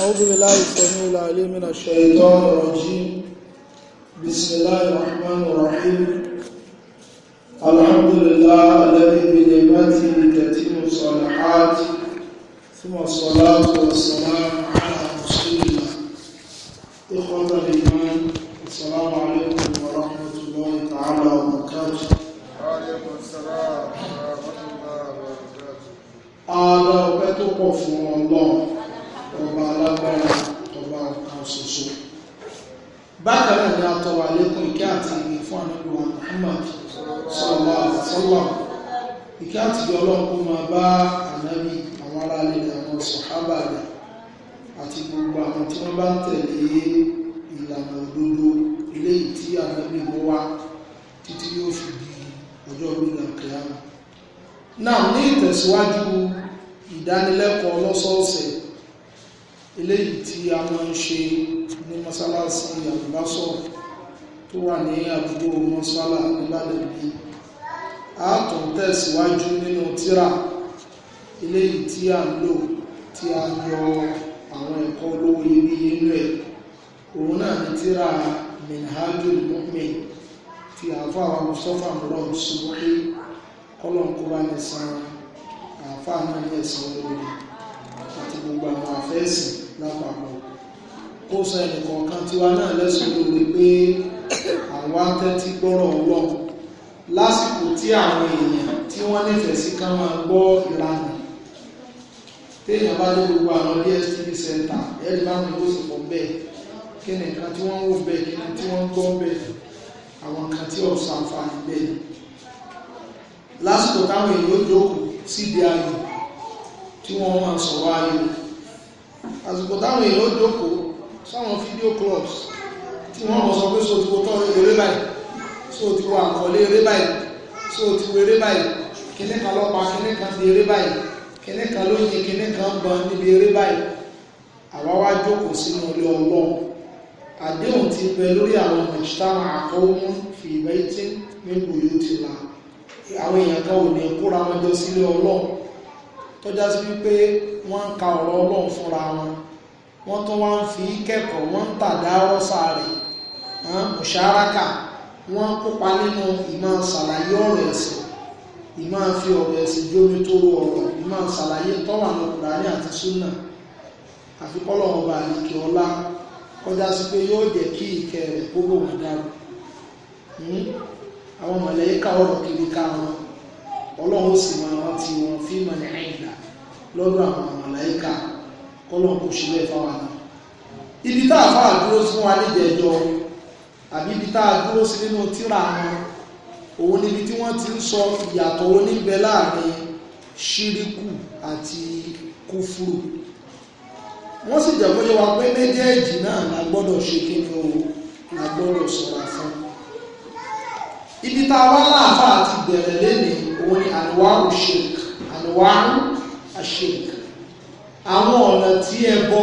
أعوذ بالله السميع العليم من الشيطان الرجيم بسم الله الرحمن الرحيم الحمد لله الذي بنعمته تتم الصالحات ثم الصلاة والسلام على رسول الله إخوة الإيمان السلام عليكم ورحمة الله تعالى وبركاته وعليكم السلام ورحمة الله وبركاته هذا بيت قفوا الله ọba alágbára ọba ọ̀kan ṣoṣo bákan náà ni atọ́wà lẹ́kùn ìkẹ́ àti ìgbè fún àníbíwá Muhammad sọ́lá sọ́lá ìkẹ́ àti ìgbè ọlọ́pọ̀ máa bá ànábì àwọn ará ilẹ̀ àwọn sọ̀hábà rẹ̀ àti gbogbo àwọn tí wọ́n bá ń tẹ̀lé ìlànà òdodo eléyìí tí ànábì mọ́ wá títí yóò fi di ọjọ́ gbígbà kìláàmù náà ní ìtẹ̀síwájú ìdánilẹ́kọ̀ọ́ lọ́sọ̀ọ̀sẹ̀ eléyìí tí a máa ń ṣe ní mọ́sálásí àbúbásọ̀ tó wà ní àdúgbò mọ́sálà nígbàdàn bí a tún tẹ̀síwájú nínú tírà eléyìí tí a ń lò tí a yọ àwọn ẹ̀kọ́ olówó iyebíye inú ẹ̀ òun náà ní tírà minhajul mu'min ti àfa àwọn mustapha mọ́rọ̀ ṣubúhí kọ́lọ̀ ń kó bá ní san àfa náà ní ẹ̀sán olóore àti gbogbo àwọn àfẹ́sì lápapọ̀ kó sọ ẹnìkọ̀ọ̀kan tiwa náà lẹ́sùn lórí pé àwọn atẹ́tí gbọ́rọ̀ ọlọ́ lásìkò tí àwọn èèyàn tí wọ́n nífẹ̀ẹ́ sí ká máa gbọ́ ìlànà téèyàn bá dé gbogbo àwọn DSTV center ẹ̀rí bá wọn lóṣù pọ̀ bẹ́ẹ̀ kí ni nǹkan tí wọ́n wò bẹ́ẹ̀ kí ni tí wọ́n gbọ́ bẹ́ẹ̀ àwọn nǹkan tí ọ̀sán àǹfààní bẹ́ẹ̀ lásìkò táwọn èèyàn jókòó síbi ayò tí wọ́n máa sọ wá ayò àsìkò táwọn èèyàn ó jókòó sáwọn fídíò clubs tí wọ́n mọ̀ sọ pé so ti wo tọ́ eré báyìí so ti wo àkọlé eré báyìí so ti wo eré báyìí kíní kan lọ́pàá kíní kan di eré báyìí kíní kan ló yin kíní kan gbọ́n níbi eré báyìí àwa wá jókòó sínú ilé ọlọ́run àdéhùn ti bẹ lórí àwọn mẹ̀sítàmà àkọ́wọ́mú fi ìbẹ́ tí nínú yóò ti là àwọn èèyàn kan ò ní kóra wọn jọ sílé ọlọ́run tọ́já sí wípé wọ́n ń ka ọ̀rọ̀ ọlọ́run fúnra wọn wọ́n tún wá ń fi kẹ́kọ̀ọ́ wọ́n ń tàdá ọ̀sà rẹ̀ ọ̀ṣáraka wọ́n ń kópa nínú ìmọ̀ ṣàlàyé ọ̀rọ̀ ẹ̀sìn ìmọ̀ fi ọ̀rọ̀ ẹ̀sìn jómi tó ro ọ̀rọ̀ ìmọ̀ ṣàlàyé tọ́wà ní Kùránì àti súnà àfikọ́lọ̀ ọba àlìkè ọlá kọjá sí pé yóò jẹ́ kí ìkẹ́ rẹ̀ gbogbo wọn dára àwọn mọ̀lẹ́yìká ọ̀rọ̀ kiri ká wọn ọlọ́run sì máa rántí wọn fí mọ̀lẹ́ àìlà lọ́dọ̀ àwọn màláíkà kọ́lọ̀ kò ṣe bẹ́ẹ̀ fáwọn náà ibi tá a fà dúró sí wọn níjẹ̀jọ àbí ibi tá a dúró sí nínú tírà wọn òun níbi tí wọ́n ti ń sọ ìyàtọ̀ oníbẹ̀ láàrin ṣíríkù àti kúfúrù wọ́n sì jẹ́ wa pé méjèèjì náà la gbọ́dọ̀ ṣe kí ni o la gbọ́dọ̀ sọ̀rọ̀ fún ibi tá a wá láàfà àti bẹ̀rẹ̀ lénìí òun ni anuwa sheik anuwa àṣeik àwọn ọ̀nà tí ẹ bọ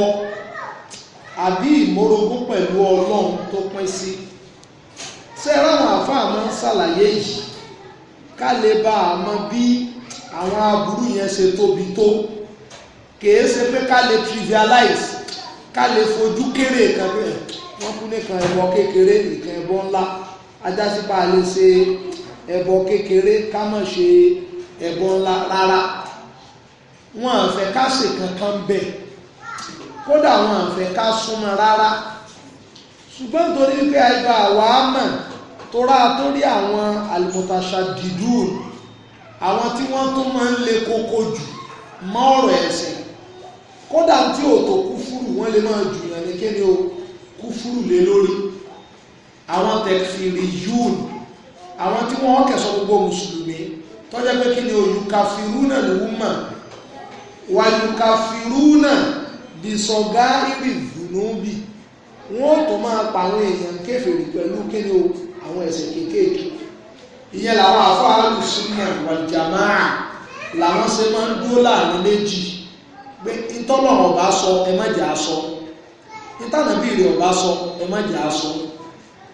àbí ìmórogún pẹ̀lú ọlọ́run tó pín sí ṣé ráwọn àfáà máa ń ṣàlàyé yìí ká lè bá a mọ bí àwọn aburú yẹn ṣe tóbi tó kìí ṣe pé ká lè trivialize ká lè fojú kéré kan bẹ́ẹ̀ wọ́n kú nìkan ẹbọ kékeré nìkan ẹbọ ńlá ajá lè ṣe ẹbọ kékeré ká má ṣe ẹbọ ńlá rárá wọn àfẹ́ ká ṣe kankan bẹ̀ kódà wọn àfẹ́ ká súnmọ́ rárá ṣùgbọ́n nítorí wípé àìgbà wàá mọ̀ torá tó rí àwọn àlùmọ̀tàṣà dìdúrù àwọn tí wọ́n tó máa ń le koko jù mọ́ ọ̀rọ̀ ẹ̀sìn kódà tí ò tó kúfúrù wọ́n lè máa jùyàn ní kéde o kúfúrù lé lórí àwọn tẹ̀sìrì yúùnù àwọn tí wọ́n kẹsọ gbogbo mùsùlùmí tọ́jẹ́ pé kí ni olùkàfirúnà ló mọ̀ wàlùkàfirúnà bìsọ̀gá ìrì ìdùnnúbì wọ́n tó máa pa àwọn èèyàn kéfèrè pẹ̀lú kí ni àwọn ẹ̀sẹ̀ kéékèèké ìyẹn làwọn àfáàlù súnmọ̀ wàlùjàmáà làwọn ṣe máa ń dúró láàrin méjì pé ìtọ́lọ̀ ọ̀bá sọ ẹ má jẹ́ àsọ ìtànàbí rẹ̀ ọ̀bá sọ ẹ má jẹ́ àsọ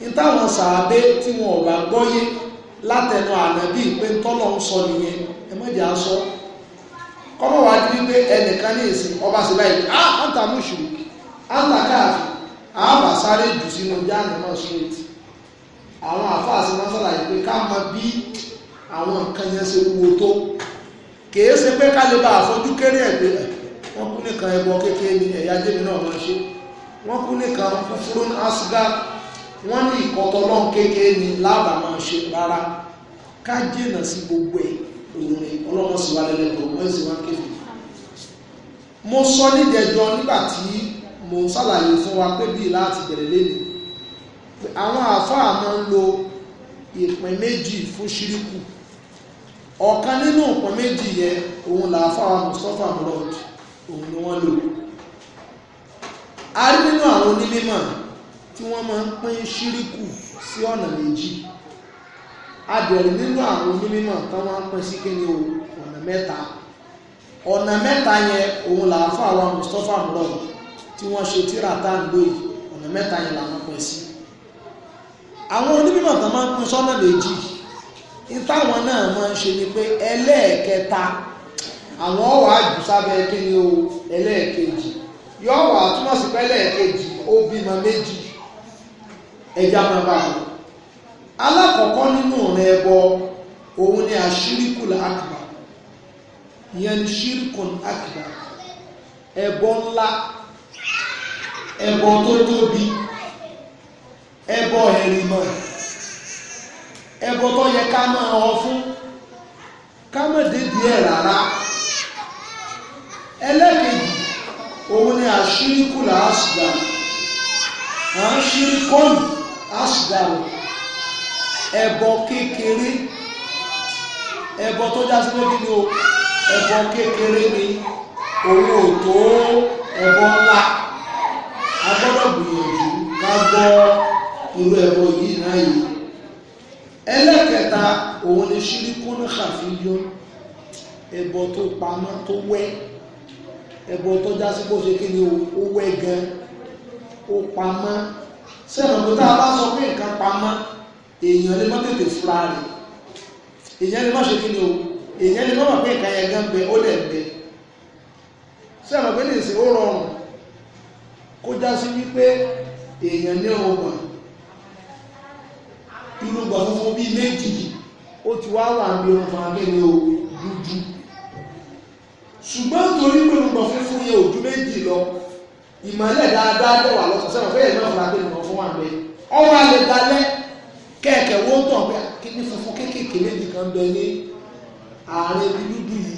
ìtàwọn sàábé tí wọn ò bá gbọ́yé látẹnu ànábì pé tọ́lọ̀ ń sọ nìyẹn ẹ má jẹ́ sọ kọ́mọ̀ wá di wípé ẹnìkan ní ọba sí báyìí ah! àǹtà mùsùlù àǹtà káàfin àbà sáré jù sínú jáàmù náà straight àwọn àfáà sí afọ yìí pé ká mọ bí àwọn nǹkan yẹn ṣe wúwo tó kìí ṣe pé ká lè bá àfojú kéré kú nìkan ẹbọ kékeré ni ẹ̀yà jẹ́mi náà wọ́n ní ìkọ́tọ́ ọlọ́run kékeré ni lábàá máa ṣe rárá ká jìnà sí gbogbo ẹ̀ òun ni ọlọ́run sì wá lẹ́lẹ́gbọ̀n wọ́n sì wá kéfì mo sọ nídẹ̀ẹ́jọ nígbà tí mo ṣàlàyé fún wa pé bíi láti bẹ̀rẹ̀ lẹ́nu àwọn àáfàá máa ń lo ìpín méjì fún ṣíríkù ọ̀kan nínú ìpín méjì yẹn òun làáfàá Mustapha Murad òun ni wọ́n lò a rí nínú àwọn onímọ̀ tí wọ́n máa ń pín ṣíríkù sí ọ̀nà méjì abẹ̀rẹ̀ nínú àwọn onímọ̀ tán máa ń pín sí kíni o ọ̀nà mẹ́ta ọ̀nà mẹ́ta yẹn òun làáfà wa Mustapha murad tí wọ́n ṣe tíra tá à ń lò yìí ọ̀nà mẹ́ta yẹn làwọn pín sí àwọn onímọ̀ tán máa ń pín sọ́nà méjì ìtàwọn náà máa ń ṣe ni pé ẹlẹ́ẹ̀kẹta àwọn ọ̀wà àjùsábẹ́ kíni o ẹlẹ́ẹ̀kejì yọ̀ọ̀wà túmọ̀ sí pé ó bímọ méjì ẹja máa bá a alákọ̀ọ́kọ́ nínú rẹ̀ ẹbọ òun ni àṣírìkù làákùbà ìyẹn ni ṣírìkùn àkùbà ẹbọ ńlá ẹbọ tó tóbi ẹbọ ẹ̀rìmọ̀ ẹbọ tó yẹ ká máa ọ fún ká má débi ẹ̀ rárá ẹlẹ́kejì òun ni àṣírìkù làásùgbà àṣírìkọ́nù asgaro ẹbọ kékeré ẹbọ tó já sí pé kí ni o ẹbọ kékeré ni òun ò tó ẹbọ ńlá a gbọ́dọ̀ gbìyànjú ká gbọ́ irú ẹbọ yìí náà yìí ẹlẹ́kẹta òun ni ṣíríkúnú ṣàfihàn ẹbọ tó pamọ́ tó wẹ́ ẹbọ tó já sí pé ó ṣe kí ni o ó gan ó pamọ́ sẹ́nu kó tá a bá sọ pé nǹkan pamọ́ èèyàn lè má tètè fura rẹ̀ èèyàn lè má ṣe kí ni o èèyàn lè má mọ̀ pé nǹkan yẹn gan bẹ ó lẹ̀ bẹ sẹ́nu pé lè ṣe ó rọrùn kó já sí wípé èèyàn ní ọgbọ̀n inú gbọ̀n fúnfún bíi méjì ó ti wá wà ní ọgbọ̀n abẹ́ni o dúdú ṣùgbọ́n torí pé gbọ̀n fúnfún yẹn ò méjì lọ ìmọ̀lẹ̀ dáadáa bẹ̀ wà lọ́sọ̀ sẹ́wọ̀n fẹ́yẹ̀ náà fúnra pé nìkan fún wa bẹ ọwọ́ alẹ́ dalẹ́ kẹ̀kẹ́ wó tàn pé ah, kíní funfun kéékèèké méjì kan bẹ ní ààrẹ ibi dúdú yìí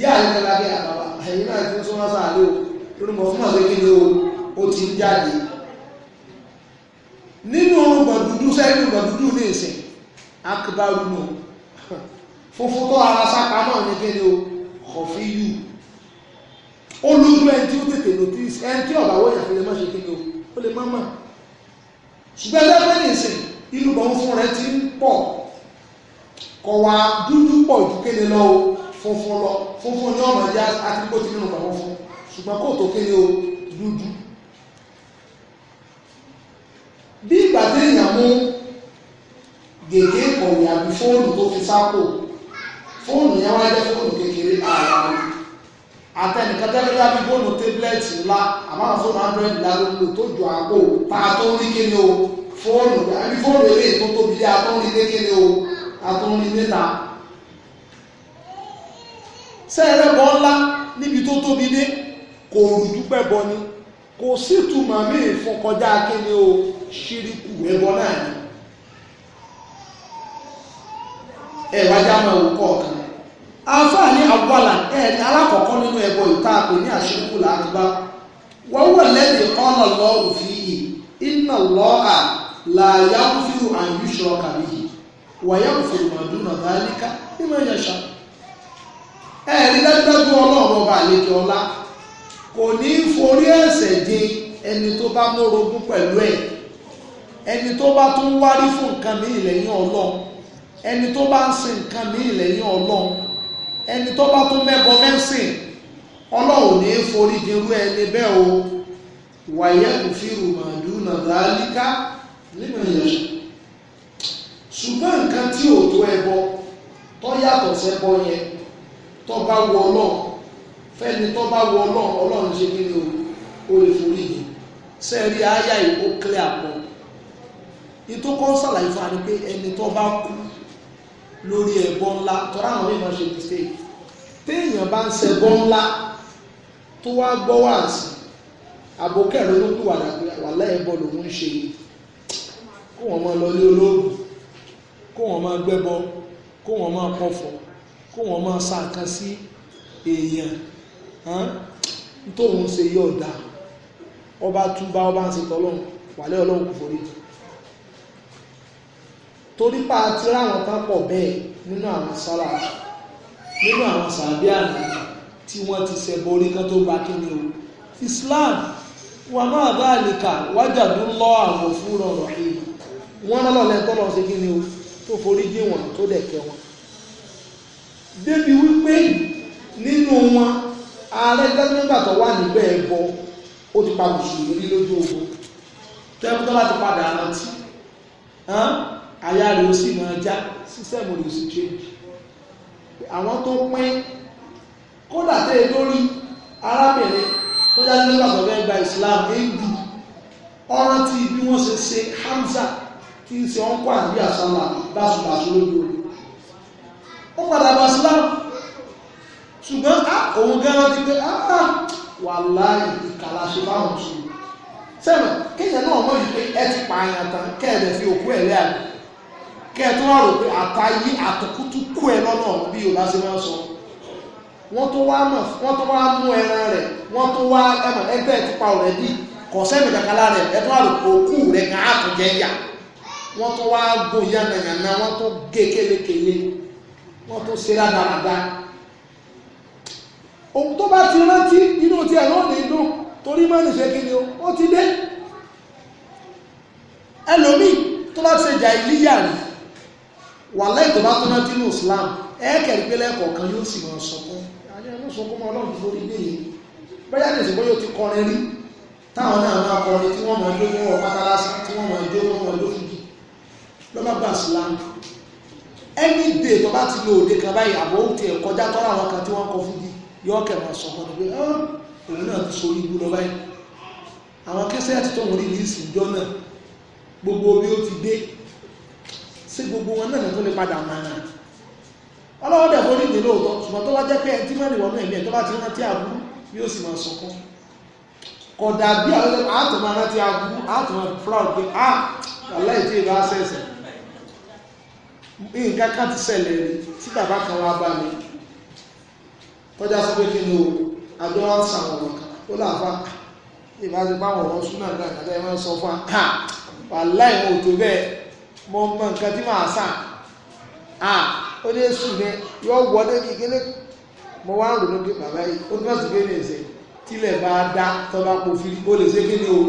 yá àyè kẹta bí àbàbà ah, ẹ̀yìn náà ti tún wá sáré o lórí mọ̀ fún àgbẹ̀ kíni o ó ti ń jáde nínú orúkọ dúdú sẹ́yìn orúkọ dúdú ní ìsìn akíbarú nù funfun tó ara sápamọ́ ní kíni o kọ̀fí yù ó lójú ẹni tí ó tètè notice ẹni tí ọ̀bà wọ̀nyà fi lè má ṣe kíni o ó lè má mà ṣùgbọ́n ẹlẹ́gbẹ́ nìsín inú bọ̀ ń fún rẹ ti ń pọ̀ kọ̀ wá dúdú pọ̀ ju kéde lọ o funfun lọ funfun ní ọmọ ẹja àtìkó ti nínú pàmò fún ṣùgbọ́n kò tó kéde o dúdú bí ìgbà tí èèyàn mú gègé kọ̀wé àbí fóònù tó fi sápò fóònù yẹn wá jẹ́ fóònù kékeré ààrẹ àtẹnìkan tẹ́lẹ̀ dábí bóònù tébílẹ̀tì ńlá àmáhànsó máa ń rẹ̀ ńlá lóko tó jọ àpò tá a tó ń rí kíni o fóònù àbí fóònù eré tó tóbi dé a tó ń rí dé kíni o a tó ń rí níta. sẹ́ẹ̀rẹ́ bọ́ ńlá níbi tó tóbi dé kò rújú pẹ́bọ ni kò sí túmọ̀ míì fún kọjá kíni o ṣíríkù ẹbọ náà ni. ẹ̀ wájà máa wò kọ̀ọ̀kan àáfàá ni àwọlà ẹ̀ẹ́dì alákọ̀ọ́kọ́ nínú ẹbọ ìta àpè ní àṣekù làkúbá wọ́n wọ̀ lẹ́dí ọ̀nà lọ́rùn fi yìí iná lọ́ọ̀à làyà ń fi àyùṣọ kàbí yìí wàyà ń fi ìmọ̀dúnà dáríkà nínú ẹ̀yẹ̀ṣà ẹ̀ẹ́dì dájúdájú ọlọ́run ọba àlejò ọlá kò ní forí ẹ̀ṣẹ̀ dín ẹni tó bá mórogún pẹ̀lú ẹ̀ ẹni tó bá tún wárí fún nǹkan mí ìlẹ̀yìn ọlọ́run ẹni tó bá ń sin nǹkan mí ìlẹ̀yìn ọlọ́run ẹni tó bá tún mẹ́bọ mẹ́sìn ọlọ́run ní forí dirú ẹni bẹ́ẹ̀ o wàyẹ̀ kò fi rùmàdù nàdàlíkà nínú ìyẹ̀sùn ṣùgbọ́n nǹkan tí ò tó ẹbọ tó yàtọ̀ sẹ́bọ yẹn tó bá wọ ọlọ́run fẹ́ni tó bá wọ ọlọ́run ọlọ́run ṣe kí ni o ó lè forí yìí sẹ́ẹ̀rí ayá yìí ó kílẹ̀ àpọ̀ ìtókọ́ sàlàyé fún wa ni pé ẹni tó bá kú lórí ẹbọ ńlá tọ́ra àwọn èèyàn ṣe mistake téèyàn bá ń ṣẹbọ ńlá tó wá gbọ́ wá sí àbókẹ́rẹ́ ló tó wàdà pé wàhálà ẹbọ lòún ń ṣe kó wọn máa lọ lé olóògùn kó wọn máa gbẹ́bọ kó wọn máa pọ̀fọ̀ kó wọn máa ṣàkàn sí èèyàn tóun ṣe yọ̀ọ̀dà ọba túbá ọba ń ṣe tọ́lọ́run wàhálà ọlọ́run kò forí jù torí pa àti ráwọn kan pọ̀ bẹ́ẹ̀ nínú àwọn sára nínú àwọn sàbí àná tí wọ́n ti ṣẹbọ orí kan tó gba kíni o Islam wà máa bá àlìkà wájàdú lọ àwọn fúnra rọ̀hìn wọ́n rán lọ́lẹ́ tọ́lọ́ ṣe kíni o tó forí dí wọn tó dẹ̀ kẹ́ wọn. débi wípé nínú wọn ààrẹ gbẹ́gbẹ́gbà tó wà níbẹ̀ ẹ̀bọ ó ti pa mùsùlùmí lójú ogun tẹ́kùtọ́ láti padà rántí aya rẹ̀ ó sì máa já sísẹ́mù rẹ̀ ó sì change àwọn tó pín kódà tẹ́ lórí arábìnrin tó já sí nígbà tó gba Islam hindu ọ̀ràn tí bí wọ́n ṣe ṣe Hamza tí ń ṣe ọ̀nkọ́ àbí àṣàlà báṣubàṣu lójú orí ó padà bá Islam ṣùgbọ́n òun gẹ́rẹ́ ti pé wà láàyè ìkàlà ṣe báwọn sùn sẹ́mi kéèyàn náà mọ̀ yìí pé ẹ ti pààyàn tán kẹ́ẹ̀dẹ̀ fi òkú ẹ̀ lẹ́àgbẹ̀ kẹ́ ẹ tó wà rò pé àtayé àtọ̀kútù kú ẹ lọ́nà bí Yorùbá ṣe máa ń sọ wọ́n tó wá mọ̀ wọ́n tó wá mú ẹran rẹ̀ wọ́n tó wá ẹmọ̀ ẹgbẹ́ ti pa ọ̀rẹ́ dì kọ̀ sẹ́mi kàkàlà rẹ̀ ẹ tó wà rò pé òkú rẹ̀ kàn á tó jẹ́ yà wọ́n tó wá gbó yánnayànna wọ́n tó gé kélekèle wọ́n tó ṣe rádaràda òun tó bá ti rántí inú ti ẹ̀ lọ́nà inú torí mọ́ ní ṣe kí ni ó ti dé ẹlòmíì tó bá ti ṣe jà ìlíyà rẹ̀ wà láì tó bá tó rántí ní Islam ẹ̀ẹ́kẹ̀rí pé lẹ́ẹ̀kọ̀ọ̀kan yóò sì máa sọkún ayé ẹ̀rọ sọkún mọ́ ọlọ́run lórí ilé yìí bẹ́ẹ̀ ní ìsìnkú yóò ti kọrin rí táwọn náà máa kọrin tí wọ́n máa jó wọn wọ pátálásí tí wọ́n máa jó wọn wọn lófìdí ló má gbà Islam ẹni dè tó bá ti lo òde kan báyìí àbò ó tiẹ̀ kọjá tọ́ra àwọn kan tí wọ́n kọ fúdi yóò kẹ̀ máa sọ wọn pé ah, òun náà ti so ibú lọ báyìí àwọn kẹsẹ́ àti tóun rí ní ìsìnjọ́ náà gbogbo bí ó ti dé sí gbogbo wọn náà tó lè padà máa nà ọlọ́wọ́ dẹ̀ fórí ìdè lóòótọ́ ṣùgbọ́n tó wá jẹ́ pé ẹtí mẹ́rin wọnú ẹ̀mí ẹ̀ tó bá ti rántí àbúrú yóò sì máa sọkún kò dàbí àwọn àtùmọ̀ rántí àbúrú àtùmọ̀ proud a ah, aláì tí ìbá sẹ̀sẹ̀ nǹkan kan ti ṣẹlẹ̀ rí tí bàbá kan wá bá o àjọ wa ń sàwọn ọmọ kan ó láàbá ìbá ti bá wọn ọ̀rọ̀ súnà náà kàtà ẹ̀ máa ń sọ fún wa wà láì wọn ò tó bẹ́ẹ̀ mo mọ nǹkan tí màá sàn à ó ní èsù ni yóò wọ débi kíní mo wá ń ronú pé bàbá yìí ó túmọ̀ sí pé ní tílẹ̀ bá dá tó bá po ó lè ṣe kíní o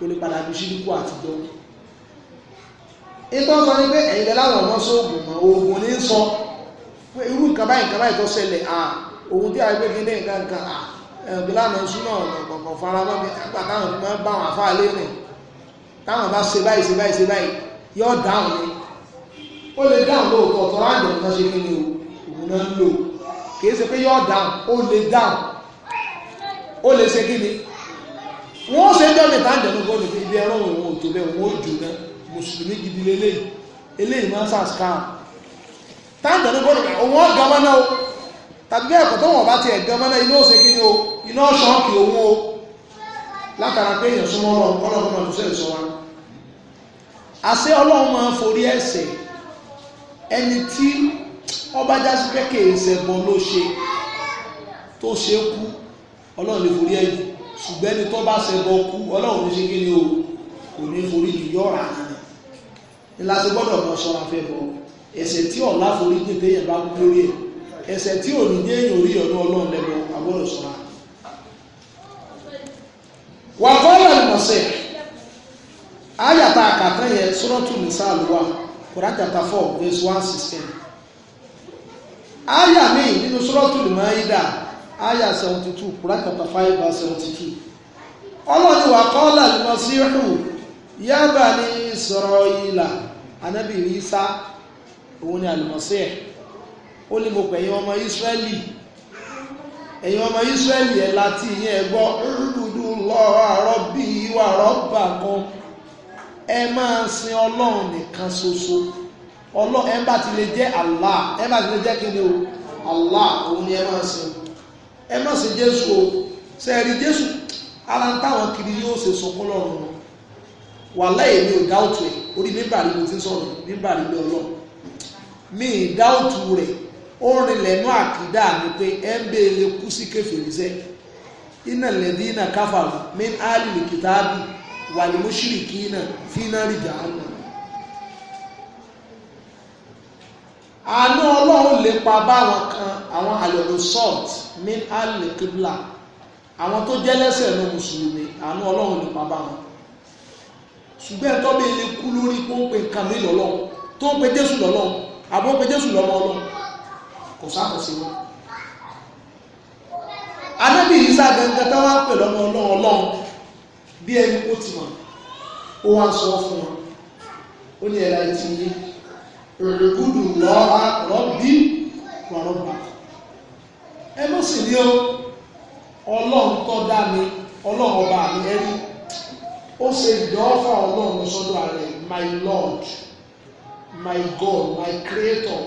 tó lè padà bí ṣídùkú àtijọ́ ìtọ́ sọ ni pé ẹ̀yin láwọn ọmọ sóògùn mọ́ oògùn ní sọ pé irú nǹkan báyìí nǹkan báyìí tó ṣẹlẹ̀ à òun tí a gbé kíní nǹkan nǹkan à ìlànà ìṣúná ọ̀nà kọ̀ọ̀kan fara mọ́ bí àgbà táwọn máa bá wọn àfáà lé rìn táwọn bá ṣe báyìí ṣe báyìí ṣe báyìí yóò dáhùn ní ó lè dáhùn lóòótọ́ tọ́lá àjọ kan ṣe kíni òun náà ń lò kìí ṣe pé yóò dáhùn ó lè dáhùn ó lè ṣe kíni wọ́n ṣe ń dọ́nà ìtàjọ̀ ní gbọ́dọ̀ ibi ẹ̀rọ òun ò tó bẹ́ẹ̀ wọ́n ó jù náà mùsùlùmí gidi lélẹ́yìí eléyìí máa ń sàṣkà tájọ̀ ní gbọ́dọ̀ òun ó gan mọ́ná o tàbí ẹ̀kọ́ tó wọ́n bá ti ẹ̀gan mọ́ná iná ó ṣe kíni o iná ṣọ́ọ̀kì òun o látara pé èèyàn súnmọ́ ọlọ́run kọ́lọ́run máa tó sẹ́yìn sọ àṣẹ ọlọ́run máa forí ẹ̀ṣẹ̀ ẹni tí ọba jásí pé kèèṣẹ̀ bọ́ ló ṣe tó ṣe kú ọlọ́run lè forí ẹ̀jẹ̀ ṣùgbọ́n ẹni tó bá ṣẹbọ kú ọlọ́run ní ṣe kí ni o kò ní forí ju yọ̀ọ̀rà nínú ńlá ti gbọ́dọ̀ mọ ṣọ́ra fẹ́ bọ ẹ̀ṣẹ̀ tí ọ̀la forí ní téèyàn bá kú lórí ẹ̀ ẹ̀ṣẹ̀ tí ò ní ní èèyàn orí ọ̀dún ọlọ́run lẹ́bọ àgbọ̀dọ̀ ṣọ́ra. wàkọ́lẹ̀ mọ̀sẹ̀ àkàtà yẹ sọ́rọ́tù nìsáà ló wà Quran chapter four verse one sixteen àyà mi nínú sọ́rọ́tù lùmọ́ẹ́dà àyà seventy two Quran chapter five verse seventy two ọlọ́ni wà kọ́lá lùmọ́síhù yábà ní sọ̀rọ̀ ìlà anábì Ìsá òun ni àlùmọ́síhù ó ní mo pẹ̀yìn ọmọ Ísírẹ́lì ẹ̀yin ọmọ Ísírẹ́lì ẹ̀ láti ìyẹn ẹ̀gbọ́ rúdùdù lọ́ọ́ àrọ́ bíi wàrọ́ bà ẹ máa sin ọlọ́run nìkan ṣoṣo ọlọ́run ẹ bá ti lè jẹ́ Allah ẹ bá ti lè jẹ́ kíni o Allah òun ni ẹ máa sin ẹ má sin Jésù o sẹ́ẹ̀rí Jésù ara ń táwọn kiri yóò ṣe sunkún lọ́rùn wàhálà èmi ò dáùtù ẹ̀ orí nígbà rí mo ti sọ̀rọ̀ nígbà rí mi ọlọ́run mi ì dáùtù rẹ̀ ó rinlẹ̀ nú àkídá mi pé ẹ ń bẹ́ẹ̀ lè kú sí kẹfìrí sẹ́ iná lẹ́dí iná káfà mi ń álì lè kìtàbí wàlúmúṣìrìkì náà fínárì jàánà àánú ọlọ́run lè pa báwọn kan àwọn àyọ̀lù salt ní alikibla àwọn tó jẹ́ lẹ́sẹ̀ ní mùsùlùmí àánú ọlọ́run lè pa báwọn ṣùgbọ́n ẹ̀tọ́ bí ilé kú lórí kó ń pe nǹkan lọ́lọ́run tó ń pe jésù lọ́lọ́run àbọ̀ ń pe jésù lọ́mọ ọlọ́run kò sákòsí wọn. anábì yìí sá gangan táwọn pè lọ́mọ ọlọ́run ọlọ́run bí ẹni kó ti mọ̀ ó wá sọ fún wọn ó ní ẹ̀rọ ẹtì yìí rẹ̀rẹ̀gúdù lọ́ha rọ́bí rọ̀rọ̀bà ẹ má sì ní o ọlọ́run tó dá mi ọlọ́run ọba mi ẹni ó ṣe ìdánwọ́fà ọlọ́run sọ́dọ̀ ààrẹ my lord my god my creator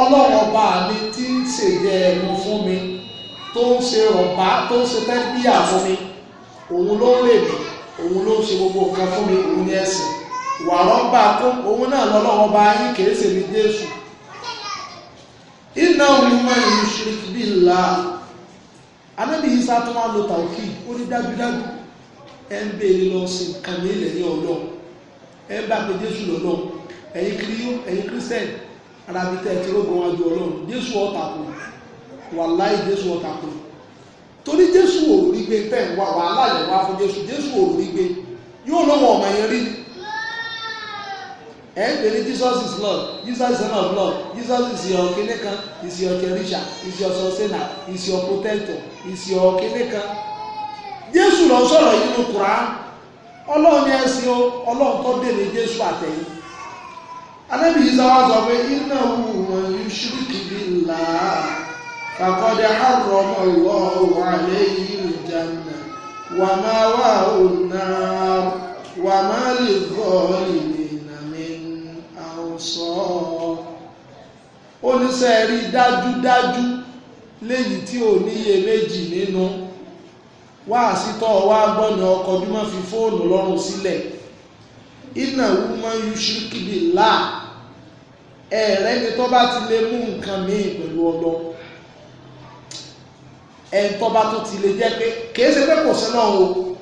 ọlọ́run ọba mi ti ń ṣèjẹ́ ẹ̀mú fún mi tó ń ṣe rọ̀bá tó ń ṣe tẹ́lifíà fún mi òun ló ń rè mí òun ló ń ṣe gbogbo nǹkan fún mi òun ni ẹ̀sìn wà rọ́bà tó òun náà lọ́lọ́wọ́ bá yín kìí ṣe mi jésù iná wíwọ́ yushrik billah anábì yìí sá tó wá lo tàwùkì ó ní dájúdájú ẹ ń béèrè lọ sí nǹkan ní ilẹ̀ ní ọ̀dọ́ ẹ bá pe jésù lọ́dọ̀ ẹ̀yin kìrìyó ẹ̀yin kírísítẹ́nì arábìtẹ́ ti rógun wájú ọlọ́run jésù ọ̀tàkùn wàláì jésù ọ̀tàkùn torí jésù òrùrí gbé tẹ̀ ń wá wàhálà yẹn wá fún jésù jésù òrùrí gbé yóò lọ́wọ́ ọmọ yẹn rí ẹ̀ ń pèrè jesus is lord jesus is son of lord jesus is your kinikan is your cherisher is your sustainer is your protector is your kinikan jésù lọ sọ̀rọ̀ yìí ní kura ọlọ́run ní ẹ̀sìn o ọlọ́run tó dé ní jésù àtẹ̀yìn anábìyí sáwá sọ pé iná wù wọ́n yìí ṣùkì bí là فقد حرم الله عليه الجنة وماواه النار وما للظالمين من أنصار oníṣẹ́ rí dájúdájú léyìí tí ò níyèméjì nínú wá àsìtọ́ wá gbọ́nà ọkọ̀ bí wọ́n fi fóònù lọ́rùn sílẹ̀ ìnáwó máa ń yúṣú kìdìlá ẹ̀rẹ́ni tó bá ti lè mú nǹkan míì pẹ̀lú ọlọ́run ẹ̀ńtọ́ bá tó ti lè jẹ́ pé kìí ṣe pé kò sí náà o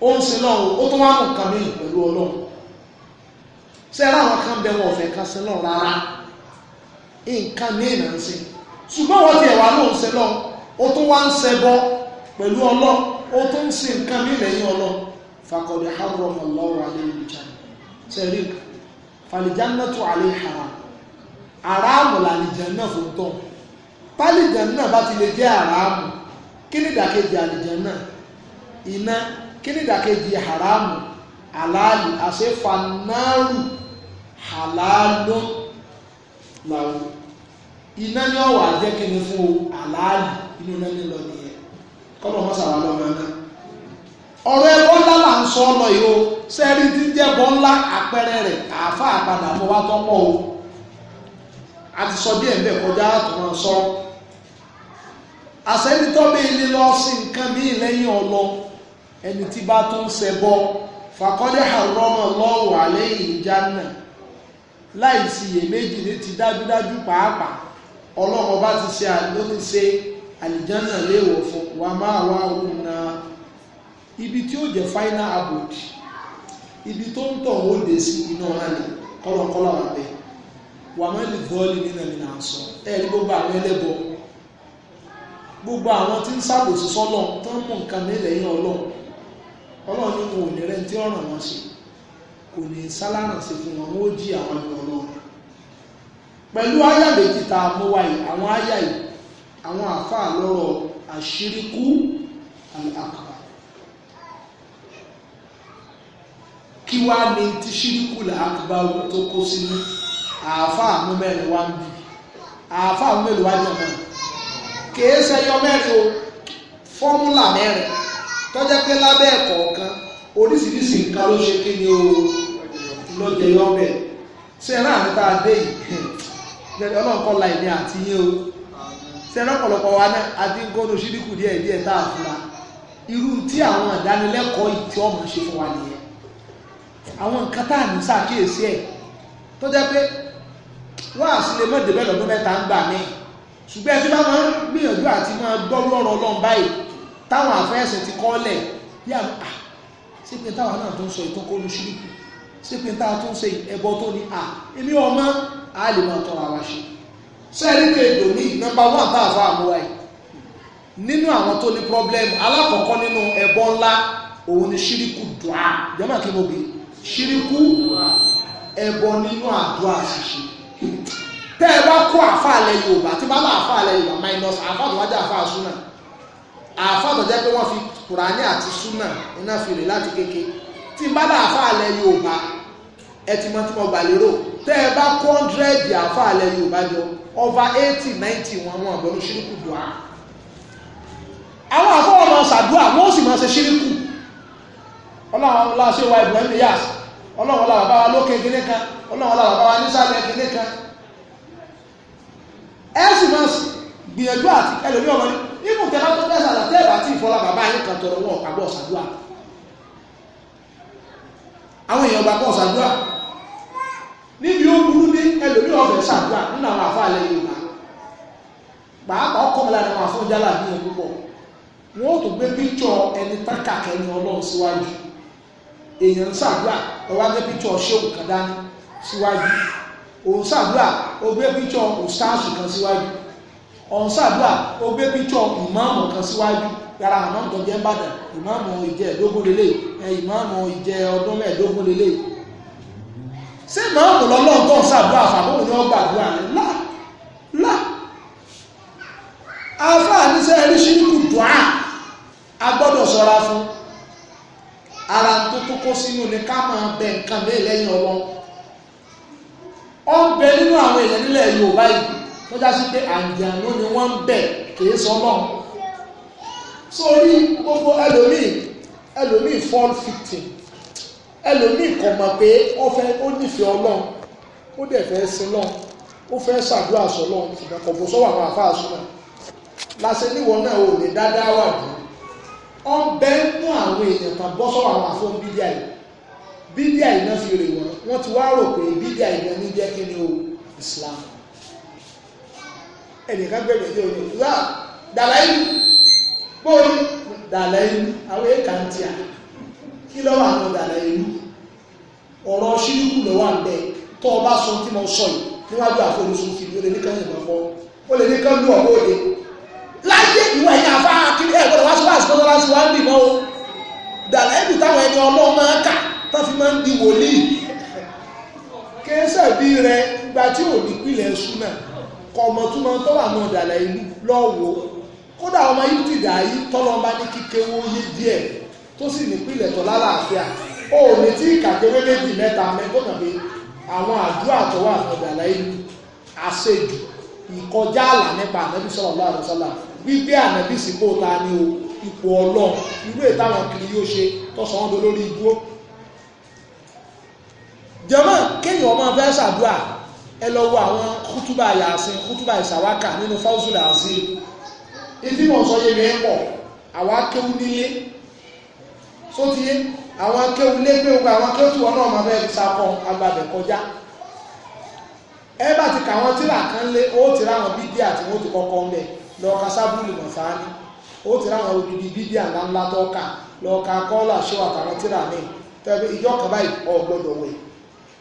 ó ń sin náà o ó tún wá mú nǹkan méjì pẹ̀lú ọlọ́run ṣé láwọn kan bẹ wọn ọ̀fẹ́ kan sí náà rárá nǹkan míì náà ń sin ṣùgbọ́n wọ́n ti ẹ̀wà ló ń sin náà ó tún wá ń ṣẹbọ pẹ̀lú ọlọ́run ó tún ń sin nǹkan míì lẹ́yìn ọlọ́run fakọ̀dé harrọ̀mù ọlọ́run alẹ́lùjá ṣe rí tálìjàn náà bá ti lè jẹ́ àràmù kí ni ìdàkejì àlìjàn náà iná kí ni ìdàkejì àràmù àlàálì àṣefanáàrù àlàálù làwọn iná ní ọ̀wà jẹ́ kí ni fún àlàálì inú náà ní lọ nìyẹn kọ́lọ̀ wọ́n sàrà lọ náà ọ̀rọ̀ ẹbọ ńlá là ń sọ ọ lọ yìí o sẹ́ẹ̀rì ti jẹ́ bọ́ ńlá àpẹẹrẹ rẹ̀ àáfàá padà fọwọ́ tọ́pọ̀ o a ti sọ díẹ̀ ńbẹ̀ kọjá àtúnwọ̀n sọ àsẹ́nitọ́ bí ilé lọ sí nǹkan míì lẹ́yìn ọlọ ẹni tí bá tún ṣẹbọ fàkọ́dé àrọ́mọ lọ́wọ́ alẹ́ ìjánà láì sí iyèméjì ní ti dájúdájú pàápàá ọlọ́run bá ti ṣe àlóní ṣe àlìjánà léèwọ̀ fún wa máa wá òun na ibi tí ó jẹ́ final abode ibi tó ń tọ̀ ó dé sí iná ọ̀hánà kọ́lọ́kọ́lọ́ àbẹ̀yẹ wà má lè bọ́ọ̀lì nínú ẹ̀mí náà sọ ẹ̀ ní gbogbo àwọn ẹlẹ́bọ gbogbo àwọn tí ń ṣàbòsí sọ́lọ̀ tó ń mú nǹkan mi lẹ́yìn ọlọ́run ọlọ́run ní wọn ò ní rẹ́ni tí ó ràn wọ́n ṣe kò ní sálárà sí fún wọn wọn ó jí àwọn ẹ̀mí ọlọ́run pẹ̀lú àyà méjì tá a mú wa yìí àwọn àyà yìí àwọn àáfàá lọ́rọ̀ àṣírikú àkàrà kí wàá ní ti ṣírikú làákùbá tó kó sínú àáfà àánú mẹ́rin wá ń bì àáfà àánú mẹ́rin wá jẹun náà kìí ṣẹyọ mẹ́rin o fọ́múlà mẹ́rin tọ́jẹ́ pé lábẹ́ ẹ̀kọ́ kan oríṣiríṣi nǹkan ló ṣe kí ni o lọ́jẹ́ yọ bẹ́ẹ̀ ṣe náà ní tá a dé yìí jẹ́rìí ọlọ́run kọ́ la ìní àti yín o ṣe lọ́pọ̀lọpọ̀ wa náà a ti ń gbóná ṣídìkù díẹ̀ díẹ̀ tá a fura irú tí àwọn ìdánilẹ́kọ̀ọ́ yìí tí ọmọ ṣe fún wa nìyẹn àwọn nǹkan tá à ní sàkíyèsí ẹ̀ tó pé wọ́n àsìlè mọ́ débẹ̀ lọ́dún mẹ́ta ń gbà mí ṣùgbọ́n ẹtí bá máa ń gbìyànjú àti máa gbọ́rú ọ̀rọ̀ ọlọ́run báyìí táwọn àfẹ́sẹ̀ ti kọ́ lẹ̀ bí àwọn à ṣé pé táwọn náà tó ń sọ ìtọ́kọ́ ní ṣíríkù ṣé pé táwọn tó ń ṣe ẹbọ tó ní à èmi ọmọ a lè máa tọrọ àwa ṣe sẹ́ẹ̀rí kejì ní nọ́mbà wọ́n bá àfa àmúwa yìí nínú àwọn tó ní pọ́blẹ́mù alákọ̀ọ́kọ́ nínú ẹbọ ńlá òun ni ṣíríkù dùá jẹ́mọ̀ kí mo bè ṣíríkù ẹbọ nínú àdúrà ṣíṣe tẹ́ ẹ bá kó àfa alẹ́ yorùbá tí bá lọ àfa alẹ́ yorùbá minus àfa tó wájà àfa súnà àfa tó jẹ́ pé wọ́n fi kùránì àti súnà iná fi rè láti kéke tí bá lọ àfa alẹ́ yorùbá ẹ ti mọ tí mo gbà lérò tẹ́ ẹ bá kó hundred àfa alẹ́ yorùbá jọ over eighty ninety wọn wọn àbọ̀nú ṣírùkù dùn á àwọn àfọwọ́ máa ṣàdúrà wọ́n sì máa ṣe ṣírùkù ọlọ́run ọlọ́run ṣe wa ìbùrẹ́mì yáàsì ọlọ́run làwọn bá wa lókè kíní kan ọlọ́run làwọn bá wa nísàlẹ̀ kíní kan ẹ sì máa gbìyànjú àti ẹlòmí ọmọ ní nínú tẹ́lá tó fẹ́ sàlà tẹ́lá tí ìfọlá bàbá yín kan tọrọ wọn àgbọ̀ ṣàdúrà àwọn èèyàn gbàgbọ́ ṣàdúrà níbi ó burú ní ẹlòmí ọ̀fẹ́ ṣàdúrà nínú àwọn àfa àlẹ́ yorùbá pàápàá ọkọ̀ ni wọn àfún jálà ní ẹ̀ púpọ̀ wọn ò tó gbé píkṣọ ni ọlọ́run ọwọ́ agbé píkṣọ̀ ṣéwù kan dání síwájú òun ṣàdúrà ó gbé píkṣọ̀ òṣàṣù kan síwájú òun ṣàdúrà ó gbé píkṣọ̀ ìmáàmù kan síwájú yàrá àmọ́ tó jẹ́ Ìbàdàn ìmáàmù ìjẹ́ ẹ̀dógún lélẹ̀ ìmáàmù ìjẹ́ ọdún mẹ́ẹ̀ẹ́dógún lélẹ̀ ṣé ìmáàmù lọ́lọ́ọ̀tọ̀ ṣàdúrà fàbọ̀n ni ó gbàdúrà rẹ̀ lá lá àfáà níṣẹ́ rí ṣíríkù dùn á a gbọ́dọ̀ ṣọ́ra fún ara tó tó kó sínú ni ká máa bẹ nǹkan mi lẹ́yìn ọlọ́run ó ń bẹ nínú àwọn èèyàn nílẹ̀ Yorùbá yìí tó já sí pé àǹjànú ni wọ́n ń bẹ̀ kìí sọ lọ́run sórí gbogbo ẹlòmíì ẹlòmíì fall victim ẹlòmíì kò mọ̀ pé ó fẹ́ ó nífẹ̀ẹ́ ọlọ́run ó dẹ̀ fẹ́ sin lọ́run ó fẹ́ ṣàdúrà sọ lọ́run ṣùgbọ́n kò bó sọ́wọ́ àwọn àfáà sọ́nà láṣẹ níwọ̀n náà ò lè dáadáa wà dùn ọ ń bẹ nú àwọn èèyàn tán bọ́ sọ́wọ́ àwọn àfọ́n bídíà yìí bídíà yìí náà fi rè wọ́n wọ́n ti wá rò pé bídíà yìí náà ní jẹ́ kí ni o Islam ẹnìkan gbẹ̀rẹ̀ ní òní ìlú dàlàyé bóyí dàlàyé àwọn èèkà ń tíà kí lọ́wọ́ àwọn dàlàyé ọ̀rọ̀ ṣíríkù lọ́wọ́ àbẹ́ tó o bá sọ tí mo sọ yìí níwájú àfọ́nusùn fìdí ó lè ní kan yìnbọn fọ́ ó lè ní kan lù ọ̀pọ̀ láyé ìwọ ẹ̀yìn àbá akíní ẹ̀ gbọ́dọ̀ wá sí wáṣọ lọ́la sí wàá ń bì mọ́ o dàlẹ́ ibi táwọn ẹni ọlọ́run máa kà tó fi máa ń di wòlíì kéésà bí rẹ gba tí ò ní pìlẹ̀ ṣúnà kọ ọmọ tó máa ń tọ́wọ́ àwọn ọ̀dàlẹ̀ ìlú lọ́wọ́ kódà ọmọ yìí ti dà yìí tọ́lọ́mbá ní kíkéwó yé díẹ̀ tó sì ní pìlẹ̀ tọ́ lálàáfíà ó ní tí ìkàkéwé méjì mẹ́ta mẹ́gbọ́nà pé àwọn àdúrà tó wà ọ̀dàlẹ̀ ìlú àṣejù ìkọjá àlà nípa ànábì sallallahu alaihi wasallam gbígbé ànábì sípò ta ni o ipò ọlọ́run irú ètò àwọn kiri yóò ṣe tọ́sán wọn dolórí igbó jẹ́mọ́ kéèyàn ọmọ fẹ́ ṣàdúrà ẹ lọ wo àwọn kútúbà yàsín kútúbà ìsàwákà nínú fáwùsùlà àṣì ìdí wọn sọ yẹmi ń pọ̀ àwọn akéwú nílé sótìyé àwọn akéwú lẹ́gbẹ́ ogun àwọn akéwú tí wọn náà máa fẹ́ sakọ agbábẹ̀ kọjá ẹ bá ti kà wọn tíra kan lé ó tìra wọn bíi díà tí wọn ti kọ́kọ́ ń bẹ̀ lọ́ọ̀ka sábúlì mọ̀sáání ó ti ráwọn odidi bíbí àláńlá tọ́ka lọ́ọ̀ka kọ́là ṣó àtàwọn tíra ní tẹ́lẹ̀ ìjọ kan báyìí ọ̀gbọ́dọ̀ wẹ̀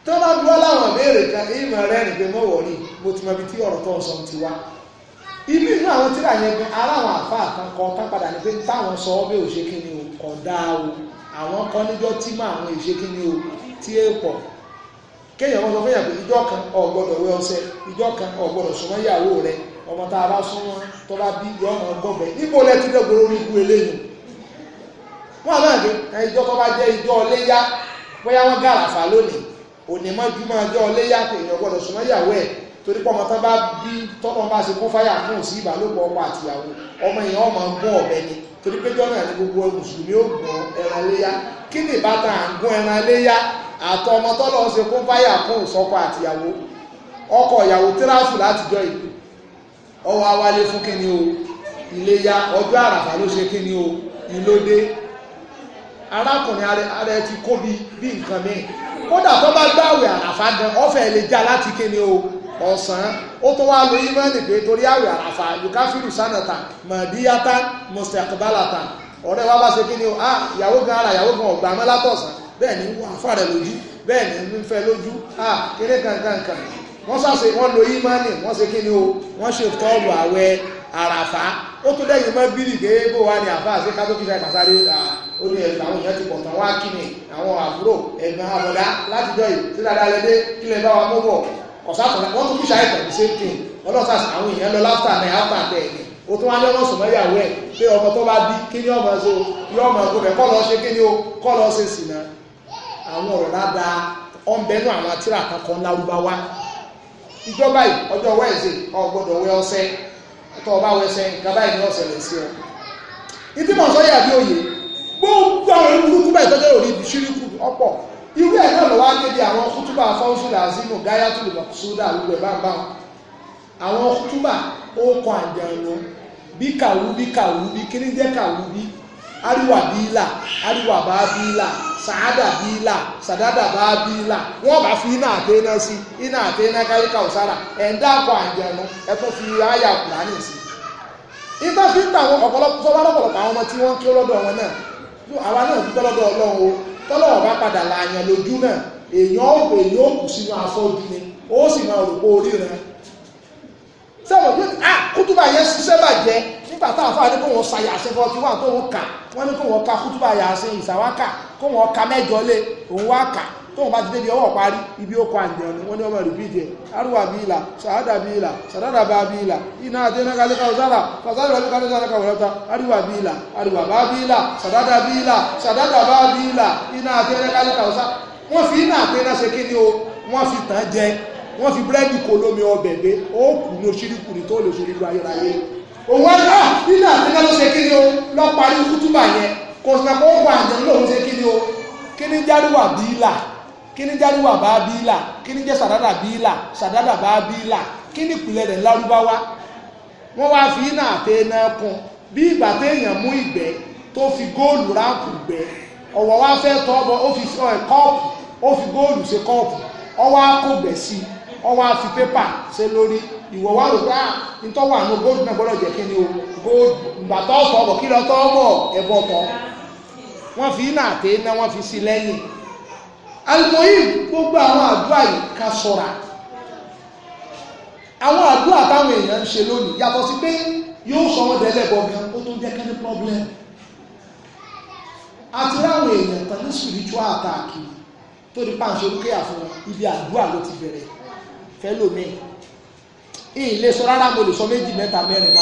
tó bá dúró láwọn ìbéèrè kan ìmọ̀ rẹ̀ nìgbẹ́ mọ́wọ́ rí mo ti mọ ibi tí ọ̀rọ̀ tó ń sọ ti wá ibi inú àwọn tíra yẹn gan ara àwọn àfáà kan kọ tán padà ní pé táwọn sọ ọ́ bí ò ṣe kíni o kọ̀ dáa o àwọn kan níjọ́ tí mọ àwọn ìṣe kíni o tí é pọ̀ kéèyàn wọn sọ fún yàgbé ìjọ kan ọ̀gbọ́dọ̀ wẹ̀ ọṣẹ ìjọ kan ọ̀gbọ́dọ̀ súnmọ́ ìyàwó rẹ̀ ọmọ tá a bá súnmọ́ tó bá bí yọ ọmọ gọbẹ níbo lẹ ti dẹgbòrò onígun eléyìí wọn náà ní ẹjọ́ tó bá jẹ ìjọ ọléyá bóyá wọn gàràfà lónìí onímọ̀júmọ̀ ọjọ́ ọléyá pé èèyàn gbọdọ̀ súnmọ́ ìyàwó ẹ̀ torí pọ́ ọmọ tó bá bí tọ́lọ́ bá ṣe kó fáyà fún òsì ìbálòpọ̀ ọkọ àtìyàwó ọmọ èèyàn ọmọ gún ọ̀bẹ ni torí pé jọ́nà ní gbogbo mùsùlùmí ó gún ẹran iléyá kí ni ìbátan à ń gún ẹran iléyá àtọ ọmọ tọ́lọ́ ṣe fáyà fún òsọkọ àtìyàwó ọkọ ìyàwó tíráfù látijọ́ ìlú ọwọ́ awálé fún kíni o iléyá ọjọ́ àràfà ló ṣe kíni o ìlódé arákùnrin ara ẹ ti kó bí bí nǹkan míì kódà tó bá gbàwé àràfà gan ọ̀fẹ́ lè já láti kíni o ọ̀sán ó tún wá lo ìmọ̀ọ́nì pé torí àwẹ̀ àràfà yukafiru sanata mọ̀díyàtà mustaqbalata ọ̀rẹ́ wa bá ṣe kíni o ah ìyàwó gan ara ìyàwó gan ọ̀gbà mọ́ látọ̀sán bẹ́ẹ̀ ni wọ́n afárẹ̀ lójú bẹ́ẹ̀ ni ń fẹ́ lójú ah kéré kankan wọ́n sàṣe wọ́n lo imani wọ́n ṣe kíni o wọ́n ṣe tọ́ọ̀lù àwẹ̀ àràfà ó tó dẹ́yìn mọ́ bílì dé bó wa ní àfà àṣẹ ká tó kí fẹ́ kàsáré ó ní ẹ̀rù àwọn èèyàn ti pọ̀ tán wá kí ni àwọn àbúrò ẹ̀gbọ́n àbọ̀dá láti jọ yìí sí dáadáa lẹ́dẹ́ kí lẹ bá wa mú bọ̀ ọ̀sàtọ̀ wọ́n tún kíṣà ẹ̀kọ́ ní same thing ọlọ́sàsì àwọn èèyàn lọ láfta ní áfta tẹ̀ ẹ̀mí ó tún wá ní ọmọ sùnmọ́ ìyàwó ẹ̀ pé ọmọ tó bá bí kí ní ọmọ so yọ ọmọ ẹ̀kọ́ bẹ̀ kọ́ lọ ṣe kí ni o kọ́ lọ ṣe sì náà àwọn ọ̀rọ̀ dáadáa ọ̀nbẹ́nu àwọn tíra àkọ́kọ́ ńlá rúbáwá ìjọba yìí ọjọ́ wẹ́ẹ̀sì o gbọ́dọ̀ wẹ ọṣẹ tó o bá wẹsẹ̀ nǹkan báyìí ni ọ̀sẹ̀ lè sí ọ. ìtí mọ̀ sọ́yà bí òye gbogbo àwọn olùkú báyìí tọ́jú òní ibi ṣíríkù ọ̀pọ̀ irú ẹ̀ náà lọ́wọ́ akéde àwọn kútúbà fọ́nsùlà sínú gáyàtúlù mọ̀kúsúdà lùgbẹ̀ bámbá àwọn kútúbà ó kọ àjànú bí kàwú bí kàwú bí kíní jẹ́ kàwú bí ariwa bíílà ariwa bá bíílà bá fi iná àti iná sí iná àti iná káríkà òsára ẹ̀ńdá àpò àjẹnu ẹ fi àyà kùránì sí i fi ń àwọn ọ̀pọ̀lọpọ̀ àwọn ọmọ tí wọ́n kí náà àwa náà ọlọ́run o tọ́lọ́wọ́ bá padà làyàn lójú náà èèyàn ó nígbà tá àfáà ní kó wọn sa yàsín fọ́tí wà tó wọn kà wọ́n ní kó wọn ka kútúbà yàsín ìsàwákà kó wọn ka mẹ́jọ lé òun wá kà tó wọn bá ti débi ọwọ́ parí ibi ó kọ àǹdẹ̀ọ̀n ni wọ́n ní ọmọ rìpíìtì ẹ̀ arúwà bí ilà sàádà bí ilà sàdádà bá bí ilà iná àti iná kalẹ́ kan sára fàṣálẹ̀ rẹ̀ kalẹ́ sára kan wọ̀lọ́ta arúwà bí ilà arúwà bá bí ilà sàdádà bí ilà sàdádà bá bí ilà iná àti iná kalẹ́ kan sára wọ́n fi iná àti iná ṣe kí ni o wọ́n fi tàn jẹ wọ́n fi búrẹ́dì kò lómi ọbẹ̀ gbé ó kù ní oṣìrìkù òun wá ah nínú ló ṣe kí o lọ parí kútúbà yẹn kò sì pàpọ̀ ọkọ̀ àjẹ́ lòun ṣe kí ni o kí ni bíílà kí ni járíwà bá bíílà kí ni jẹ́ sàdádà bíílà sàdádà bá bíílà kí ni ìpìlẹ̀ rẹ̀ lárúbáwá wọ́n wá fi iná náà bí ìgbà téèyàn mú ìgbẹ́ tó fi góòlù ráǹpù gbẹ́ ọ̀wọ́ wá fẹ́ tọ́ ọ ó fi kọ́ọ̀pù ó fi góòlù ṣe kọ́ọ̀pù ọwọ́ fi pépà ṣe lórí ìwọ wà rò pé ah ntọ́wà àánú góòdù náà gbọ́dọ̀ jẹ́ kí ni o góòdù bàtọ́ ọ̀tọ̀ ọ̀bọ̀ kí lọ́tọ́ ọ̀bọ̀ ẹ̀bọ̀ ọ̀tọ̀ wọ́n fi iná àti iná wọ́n fi sí lẹ́yìn alimoyin gbogbo àwọn àdúrà yìí ká ṣọ́ra àwọn àdúrà táwọn èèyàn ń ṣe lónìí yàtọ̀ sí pé yóò sọ wọ́n dẹ́lẹ́bọ̀ gan ó tó jẹ́ kẹ́ni problem àti ráwọn èèyàn kan ní spiritual attack tó di pàǹṣẹ́ rúkẹ́yà fún wọn ibi àdúrà ló ti bẹ̀rẹ̀ fẹ́lòmíì ìyìn lè sọ rárá mo lè sọ méjì mẹ́ta mẹ́rin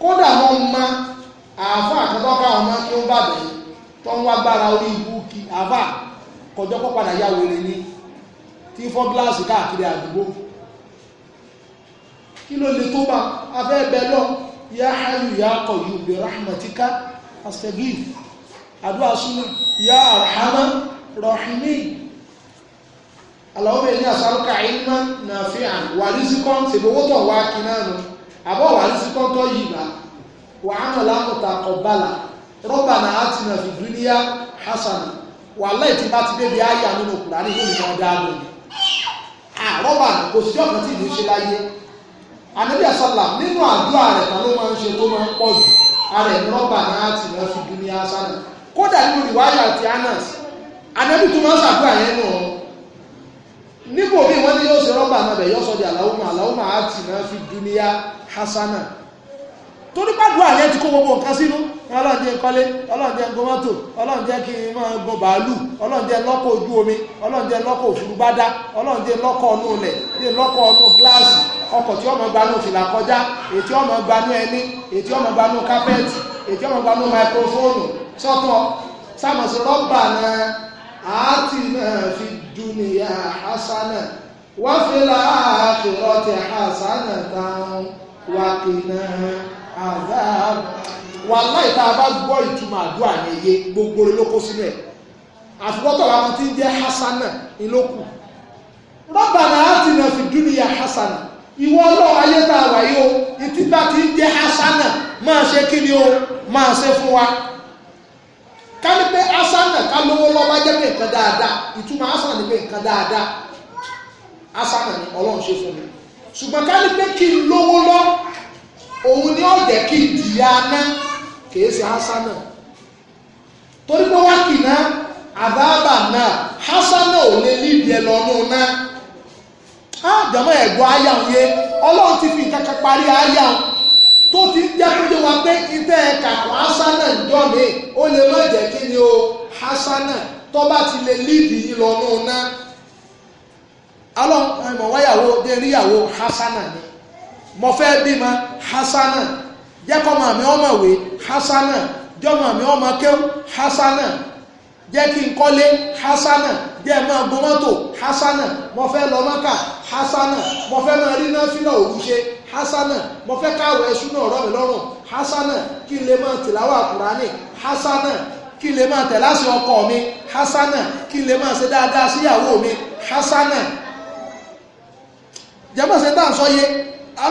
kódà ma àáfà àtọ́tọ́ká ọmọ kí ó bàbẹ̀ tó ń wá gbára orí ibú kí àáfà kọjọ́ kó padà yá wèrè ni tí fọ́ gíláàsì káàkiri àdúgbò kí ló afẹ́ lọ ya hayyu ya qayyum bi rahmatika astaghif àdúrà súnmọ́ ya aláwọ̀ bẹ́ẹ̀ ní àsálùkà iná na fi hàn wà rísíkọ́ tèbówó tọ̀ wá kí náà nù àbọ̀ wà rísíkọ́ tọ́ yìí bá wà á nàlá kọ̀tà kọ̀bálà rọ́bà náà á ti nà fi dúníyà hasana wà láì tí bá ti bẹ́ẹ̀ bí ayé àmínú kùránì yóò ní wọn dáa lónìí. àrọ́bà kò sí ọ̀kan tí ìlú ṣe láyé ànábì àsálà nínú àdúrà rẹ̀ kan ló máa ń ṣe tó máa ń pọ̀ jù ara ẹ̀ rọ́bà náà á ti nà dúníyà hasana kódà nínú ìwáyà àti anas ànábì tó máa ń ṣàdúrà yẹn náà nígbò bí wọ́n ní yóò ṣe rọ́bà náà bẹ̀ yọ́ sọ di àláwùmọ̀ àláwùmọ̀ àti náà fi dúníyà hasana torí pàdúrà yẹn ti kó gbogbo nǹkan sínú ọlọ́run jẹ́ kọ́lé ọlọ́run jẹ́ gómọ́tò ọlọ́run jẹ́ kí n máa gbọ bàálù ọlọ́run jẹ́ lọ́kọ̀ ojú omi ọlọ́run jẹ́ lọ́kọ̀ òfurubádá ọlọ́run jẹ́ lọ́kọ̀ ọ̀nù ilẹ̀ lọ́kọ̀ gíláàsì ọkọ̀ tí ọmọ gbanú fìlà kọjá ètí ọmọ gbanú ẹni ètí ọmọ آتنا في الدنيا حسنة وفي الآخرة حسنة وقنا عذاب wàláì tá a bá gbọ́ ìtumọ̀ àdúrà ní iye gbogbo ló kó sínú ẹ̀ àfikọ́tọ̀ làwọn tí ń jẹ́ hasana ìlókù rabbana atina fi dunya hasana ìwọ ọlọ́run ayé tá a wà o ìtìgbà tí ń jẹ́ hasana máa ṣe kí ni o máa ṣe fún wa ká ní pé asana ká lówó lọ́ba jẹ́ pé nǹkan dáadáa ìtumọ̀ asana ni pé nǹkan dáadáa asana ni ọlọ́run ṣe fún mi ṣùgbọ́n ká ní pé kí n lówó lọ òun ni ó jẹ́ kí n dìyà ná kìí ṣe asana torí pé wá kì ná àbábà náà asana ò lè líbi ẹ lọ́nù náà á jọmọ ẹ̀gbọ́n ayáwó yé ọlọ́run ti fi nǹkan kan parí ayáwó tó ti ń jẹ́ kó yé wa pé ìtẹ́ ẹ̀ka àwọn hasana ń jọ mí ó lè má jẹ́ kí ni o hasana tó bá ti lè líìdì yín lọ nù ná alọ́n ẹ̀mọ̀ wáyàwó dé ríyàwó hasana ni mo fẹ́ bímọ hasana jẹ́ kọ́mọ mi ọmọ ìwé hasana jọ́mọ mi ọmọ kéwù hasana jẹ́ kí n kọ́lé hasana jẹ́ ẹ máa gbọ́ mọ́tò hasana mo fẹ́ lọ mọ́kà hasana mo fẹ́ máa rí náà fílà òru ṣe hasana mo fẹ́ káwọ̀ ẹ̀ṣú náà rọ̀ mí lọ́rùn hasana kí n lè máa tìláwà kùránì hasana kí n lè máa tẹ̀lé àṣẹ ọkọ mi hasana kí n lè máa ṣe dáadáa síyàwó mi hasana jẹ́mọ̀ ṣe tá à ń sọ yé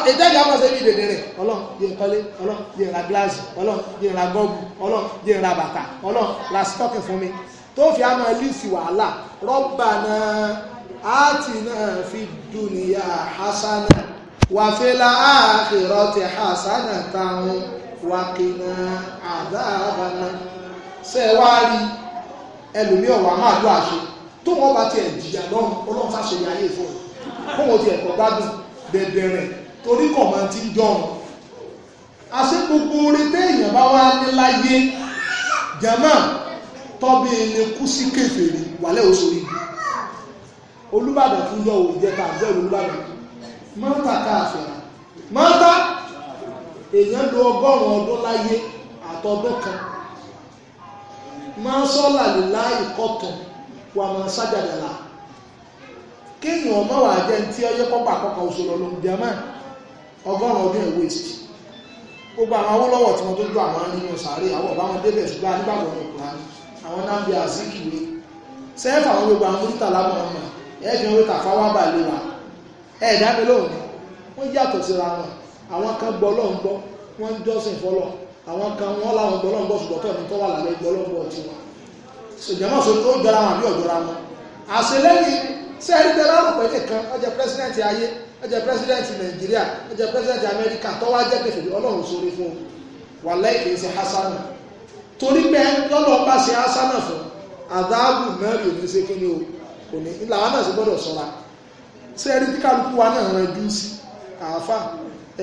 ìtẹ́jú àwọn ṣe bí dèdè rẹ̀ ọlọ́run yẹ e kọ́lé ọlọ́run yẹ e ra gíláàsì ọlọ́run yẹ e ra gọ́ọ̀gù ọlọ́run yẹ ra bàtà ọlọ́run ra stọ́ọ̀kì fún mi tó fi àmọ́ lísì wàhálà rọ́bànà àtìnà fi dùnìyà hasana wàfẹ́lá àkìrọ̀tì hasana táwọn wàkìnà àdáàbànà sẹ́wárí ẹlòmí ọ̀wà máa dọ́ àṣẹ tó wọ́n bá ti ẹ̀jìyà lọ́rùn ọlọ́run sáṣẹ ní ayé fún un kó wọ́n gbogbo orí téèyàn wá ní láyé jẹ́mọ́ tọ́bí ilé kú sí kèfèrí wàlẹ́ òṣòrí olúbàdàn tún yọ òjẹta àbẹ́rù olúbàdàn mọ́ta káàfẹ́ra mọ́ta èèyàn lo ọgọ́rùn-ún ọdún láyé àtọdún kan máa sọ́là lè láì kọ́tàn wà máa sájàdàlà kéèyàn ọmọ wà jẹ́ tí ọyẹ́ pọ́pà kọ́kọ́ òṣòro ló ń jẹ mọ́ ọgọ́rùn ọdún ẹ̀wọ́ èsì gbogbo àwọn awólọ́wọ̀ tí wọ́n tó ju àwọn nínú sàárè àwọn ọ̀bá wọn débẹ̀ ṣùgbọ́n anígbàgbọ́ ọmọkùnrin àwọn nàbí àzíkìwé sẹ́ẹ̀fà àwọn gbogbo àwọn mọ́tà lábọ̀ ọmọ ẹ̀ẹ́dì wọn wíta fáwọn àbàlẹ̀ wa ẹ̀ẹ́dá mi lóhùn wọ́n yàtọ̀ síra wọn àwọn kan gbọ́ lọ́n gbọ́ wọ́n ń jọ́sìn fọlọ́ àwọn kan wọ́n láwọn gbọ́ lọ́n gbọ́ ṣùgbọ́n tọ́ ni tọ́ wà lálẹ́ gbọ́ lọ́n gbọ́ tiwọn ṣèjọba sọ tó jọra wọn àbí ọ̀jọra wọn àṣelẹ́yìn sẹ́ẹ̀rí tẹ́lá rògbẹ́ nìkan ó jẹ́ pẹ́sidẹ́ǹtì ayé ó jẹ́ pẹ́sidẹ́ǹtì nàìjíríà ó jẹ́ pẹ́sidẹ́ǹtì amẹ́ríkà tọ́wọ́ ajẹ́ pẹ̀fẹ̀ ọlọ́run sórí fún un wà lẹ́yìn kì í ṣe hasanu torí pé lọ́dọ̀ bá ṣe asánà fún àdáàbù mẹ́rin òní ṣe kí ni o òní ńlá wa náà sì gbọ́dọ̀ sọ́ra ṣé ẹni tí kálukú wa náà rẹjú sí àáfà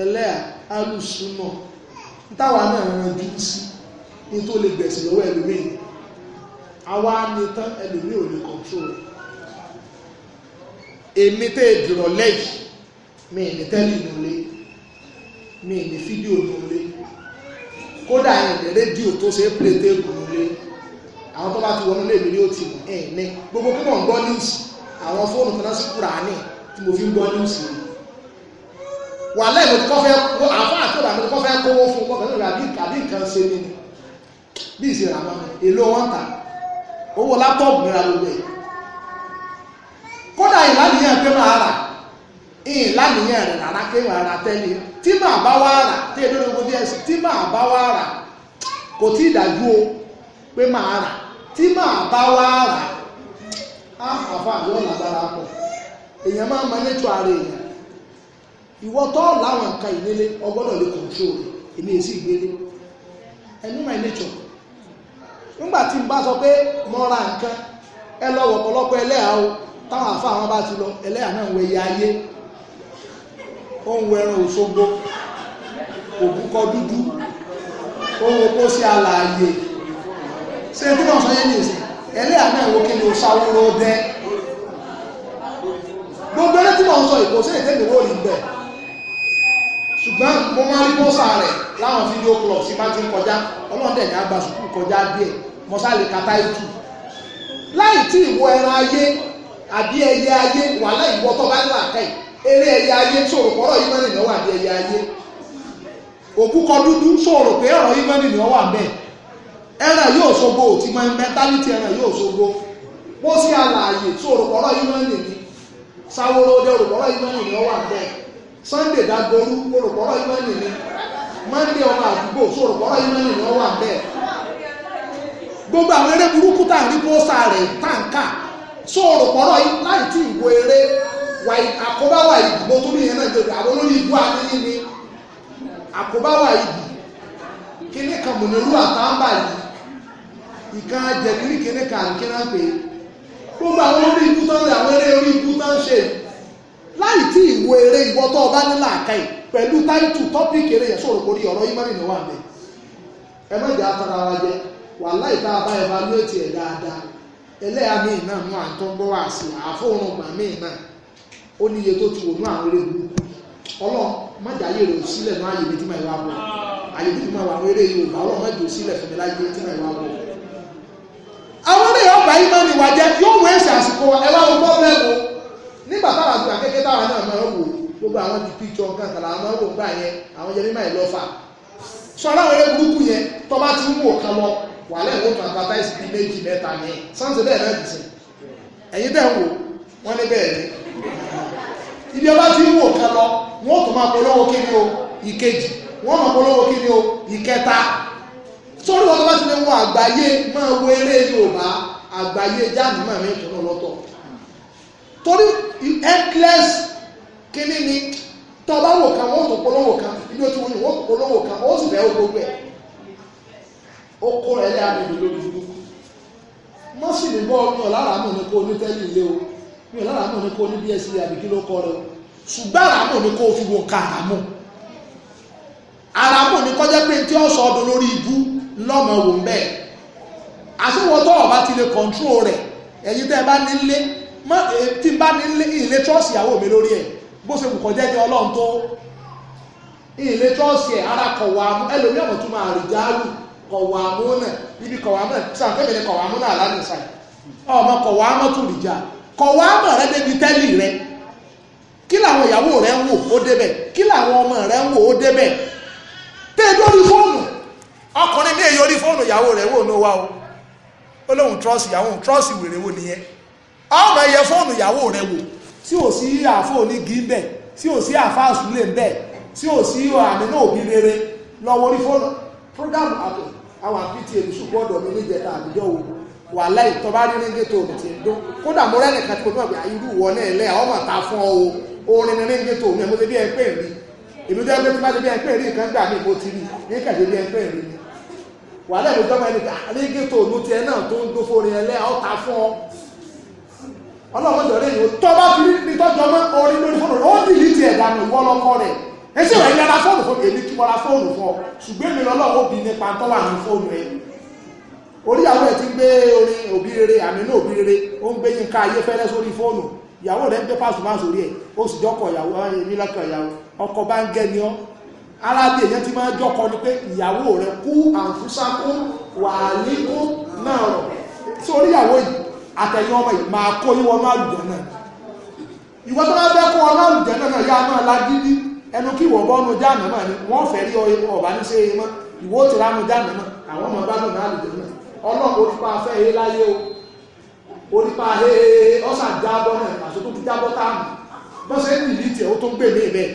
ẹlẹ́à alùsùnà táwa náà rẹjú sí ní tó lè gbẹ̀sẹ̀ lọ́wọ́ ẹlòmíì àwa ni tán ẹlòmíì ò lè kọ̀ntró rẹ̀ èmi tẹ́ ìdìrọ̀lẹ́ yìí mi ì ní tẹ́lẹ̀ ìnulẹ̀ mi ì ní fídíò ìnulẹ̀ kódà ẹ̀ ní rédíò tó ṣe é pèlè téèbù nílé àwọn tó bá ti wọnú léèmí ni ó ti mọ̀ ẹ̀ ní gbogbo púpọ̀ ń gbọ́ níwùsì àwọn fóònù kan sí kúránì tí mo fi ń gbọ́ níwùsì ni wà lẹ́yìn mo ti kọ́ fẹ́ kó àfáà tó dà mo ti kọ́ fẹ́ kówó fún ọkọ̀ mẹ́rin àbí àbí nǹkan ṣe ni ni bí ìsìn ràmọ́ èlò wọn ta owó láptọ̀pù mìíràn ló kódà ìlànà yẹn pé máa rà ìyìn lánìyàn rẹ̀ rárá ara tẹ́lẹ̀ tí màá bá wá rà tí èdè ológun díẹ̀ sí tí màá bá wá rà kò tí ì dájú o pé màá rà tí màá bá wá rà á àfa pọ̀ èèyàn máa ma ara èèyàn ìwọ tọ́ láwọn nǹkan ìnílé ọgbọ́dọ̀ lè control èmi èsì ìgbélé my nature nígbà tí n bá sọ pé mo ra nǹkan ẹ lọ ó ń wo ẹran òṣogbo òbúkọ dúdú ó ń wo kó sí alààyè ṣé tí wọ́n sọ yé ní ìsìn ẹlẹ́yà náà wo kí ni o ṣàwòrán ọdẹ gbogbo ẹni tí wọ́n sọ ìkó sí ìtẹ́lẹ̀ wò rí bẹ̀ ṣùgbọ́n mo máa rí bọ́sà rẹ̀ láwọn fídíò club sí bá ti ń kọjá ọlọ́dẹ̀ ní àgbà sùkúù kọjá díẹ̀ mọ́sálì kata ìtù láì tí ìwọ ẹran ayé àbí ẹyẹ ayé wà láì wọ tó bá ń eré ẹyẹ ayé tó rò pọ̀rọ̀ yìí mẹ́rin ni wọ́n wà ní ẹyẹ ayé òkú dúdú sọ̀rọ̀ pé ọ̀rọ̀ yìí mẹ́rin ni wọ́n wà bẹ́ẹ̀ ẹran yóò ṣogbo òtí mọ́ mẹ́tálítì ẹran yóò ṣogbo bó sì àlàyé yìí Sunday dagoru rò pọ̀rọ̀ yìí mẹ́rin ni Monday ọmọ àdúgbò tó rò yìí gbogbo àwọn eré burúkú tá rí pósà rẹ̀ wà àkóbáwà ìdì mo tún ní ìyẹn náà jòdì àwọn olórí ìbú ni àkóbáwà ìdì kíní kan mọ̀nẹ́rú àtàǹbà yìí ìkan jẹ̀kíní kíní kan gbogbo àwọn olórí ìbú tán lè àwọn eré orí ìbú tán ṣe láì ìwọ ọba ní làákà yìí pẹ̀lú táìtù tọ́pìkì eré yẹn sọ̀rọ̀ ọ̀rọ̀ wà mẹ́ ẹ má jẹ́ atara wa jẹ wà láì tá a bá ẹ bá lóye tiẹ̀ dáadáa ó ní iye tó ti wò ní àwọn eré burúkú ọlọ́run mọ́jà ayé rẹ̀ ò sílẹ̀ ní ààyè tí màá wá bọ̀ ààyè tí màá wà àwọn eré yorùbá ọlọ́run mọ́jà ò sílẹ̀ fún mi láyé tí màá wá bọ̀. àwọn eré ọgbà yìí máa ń wà jẹ yóò wọ ẹsẹ àsìkò ẹ wá wọn bọ́ọ̀lù ẹ̀wọ̀ nígbà táwọn àgbà kékeré táwọn náà máa ń wò gbogbo àwọn ti píjọ nǹkan kan làwọn máa ń wò gbà yẹn àwọn jẹ mímọ́ ìlọ́fà sọlá àwọn eré burúkú yẹn tó bá ti ń wò kan lọ wà lẹ́wọ̀n tó advertise bíi méjì mẹ́ta ní sáǹsì bẹ́ẹ̀ náà dì sí ẹ̀yin bẹ́ẹ̀ wò wọ́n ní bẹ́ẹ̀ ni ibi ọba tí ń wò ká lọ wọn ò tó máa polówó kí ni o ìkejì wọn máa polówó kí ni o ìkẹta sórí wọn tó bá ti lè wọ àgbáyé máa wo eré Yorùbá àgbáyé jáàmù máa mi tún lọ́tọ̀ torí endless kíní ni tó bá wò kan wọn ò tó polówó kan ibi ó ti wọ́n ò tó polówó kan ó sì fẹ́ gbogbo ẹ̀ ó kó rẹ̀ lé àgbègbè lórí burúkú mọ́sìlì bọ́ọ̀lù ọ̀làràmù ni kò ní tẹ́lẹ̀ ilé o mi ò lára mọ̀ ní kó ní bsc àbí kí ló kọ́ rẹ ṣùgbọ́n àràmù ní kó fi wọn ka àràmù àràmù ní kọjá pé tí ó sọ ọdún lórí ibú lọ́mọ wò ń bẹ́ẹ̀ àṣewọ́tọ́ ọ̀bá ti lè kọ̀ǹtró rẹ̀ ẹ̀yin tẹ́ ẹ bá nílé tí bá nílé ilé trọ́ọ̀sì ìyàwó mi lórí ẹ̀ bó ṣe kù kọjá ẹni ọlọ́run tó ilé trọ́ọ̀sì ẹ̀ ara kọ̀wà mú ẹlòmí ọ̀mọ̀ tó máa rí jáàlù kọ̀wà mú náà ibi kọ̀wà mú náà sàn kọ̀wà mú náà kọ̀wá mọ̀ rẹ débi tẹ́lì rẹ kí làwọn ìyàwó rẹ ń wò ó débẹ̀ kí làwọn ọmọ rẹ ń wò ó débẹ̀ tẹ́ fóònù ọkùnrin ní èyí orí fóònù ìyàwó rẹ wò o ó lóun trọ́ọ̀sì ìyàwó trọ́ọ̀sì wèrè wò nìyẹn ọmọ ẹyẹ fóònù ìyàwó rẹ wò tí ò sí ń tí rere lọ́wọ́ orí fóònù program àwọn èlùsùn gbọ́dọ̀ mi wàhálà ìtọ́ bá rí ríngé tó omi ti ń dún kódà mo rẹ́ nìkan tí mo tún àgbà ah, irú ìwọ náà ẹlẹ́yà ọmọ ta fún ọ o orin ní ríngé tó omi ẹ̀ mo ti bí ẹ pé rí ìlú jẹ́ pé tí bá ti bí ẹ pé rí nǹkan gbà mí mo ti rí nǹkan ti bí ẹ pé rí ah, wàhálà ìlú jọba ẹni ríngé tó omi tiẹ̀ náà tó ń dún fórin ẹlẹ́yà ọ ta fún ọ ọlọ́run jọ lẹ́yìn tó fóònù fóònù èmi kí mo ra fóònù fún ọ ṣùgbọ́n èmi lọ́lọ́wọ́ bí nípa tọ́wà ní fóònù ẹ̀ orí àwọn ẹ̀ ti ń gbé orin òbí rere àmínú òbí rere ó ń gbé yínká ayé fẹ́lẹ́ sórí fóònù ìyàwó rẹ̀ ń gbé pàṣù máa sórí ẹ̀ ó sì jọ́kọ̀ ìyàwó ẹni lọ́kọ̀ ìyàwó ọkọ bá ń gẹ́ ni ọ́ alábí èyàn ti máa jọ́kọ ni pé ìyàwó rẹ̀ kú àǹfúsákún wà níkú náà rọ̀ sórí ìyàwó yìí àtẹ̀yìn ọmọ yìí máa kó yíwọ máa lùjẹ́ náà ìwọ tó bá fẹ́ kó ọ máa lùjẹ́ náà yá máa lágídí ẹnu kí ìwọ̀ bọ́nu jáàmù náà ni wọ́n fẹ́ rí ọba ní ṣe é mọ́ ìwọ́ tìránu jáàmù náà àwọn ọmọ bá dùn náà lùjẹ́ náà ọlọ́run onípa afẹ́ eré láyé o onípa hehehe ọ̀sà jábọ́ náà àṣọ tó tún jábọ́ táàmù bọ́sẹ̀ ń nìlí tiẹ̀ ó tó ń gbè mí bẹ́ẹ̀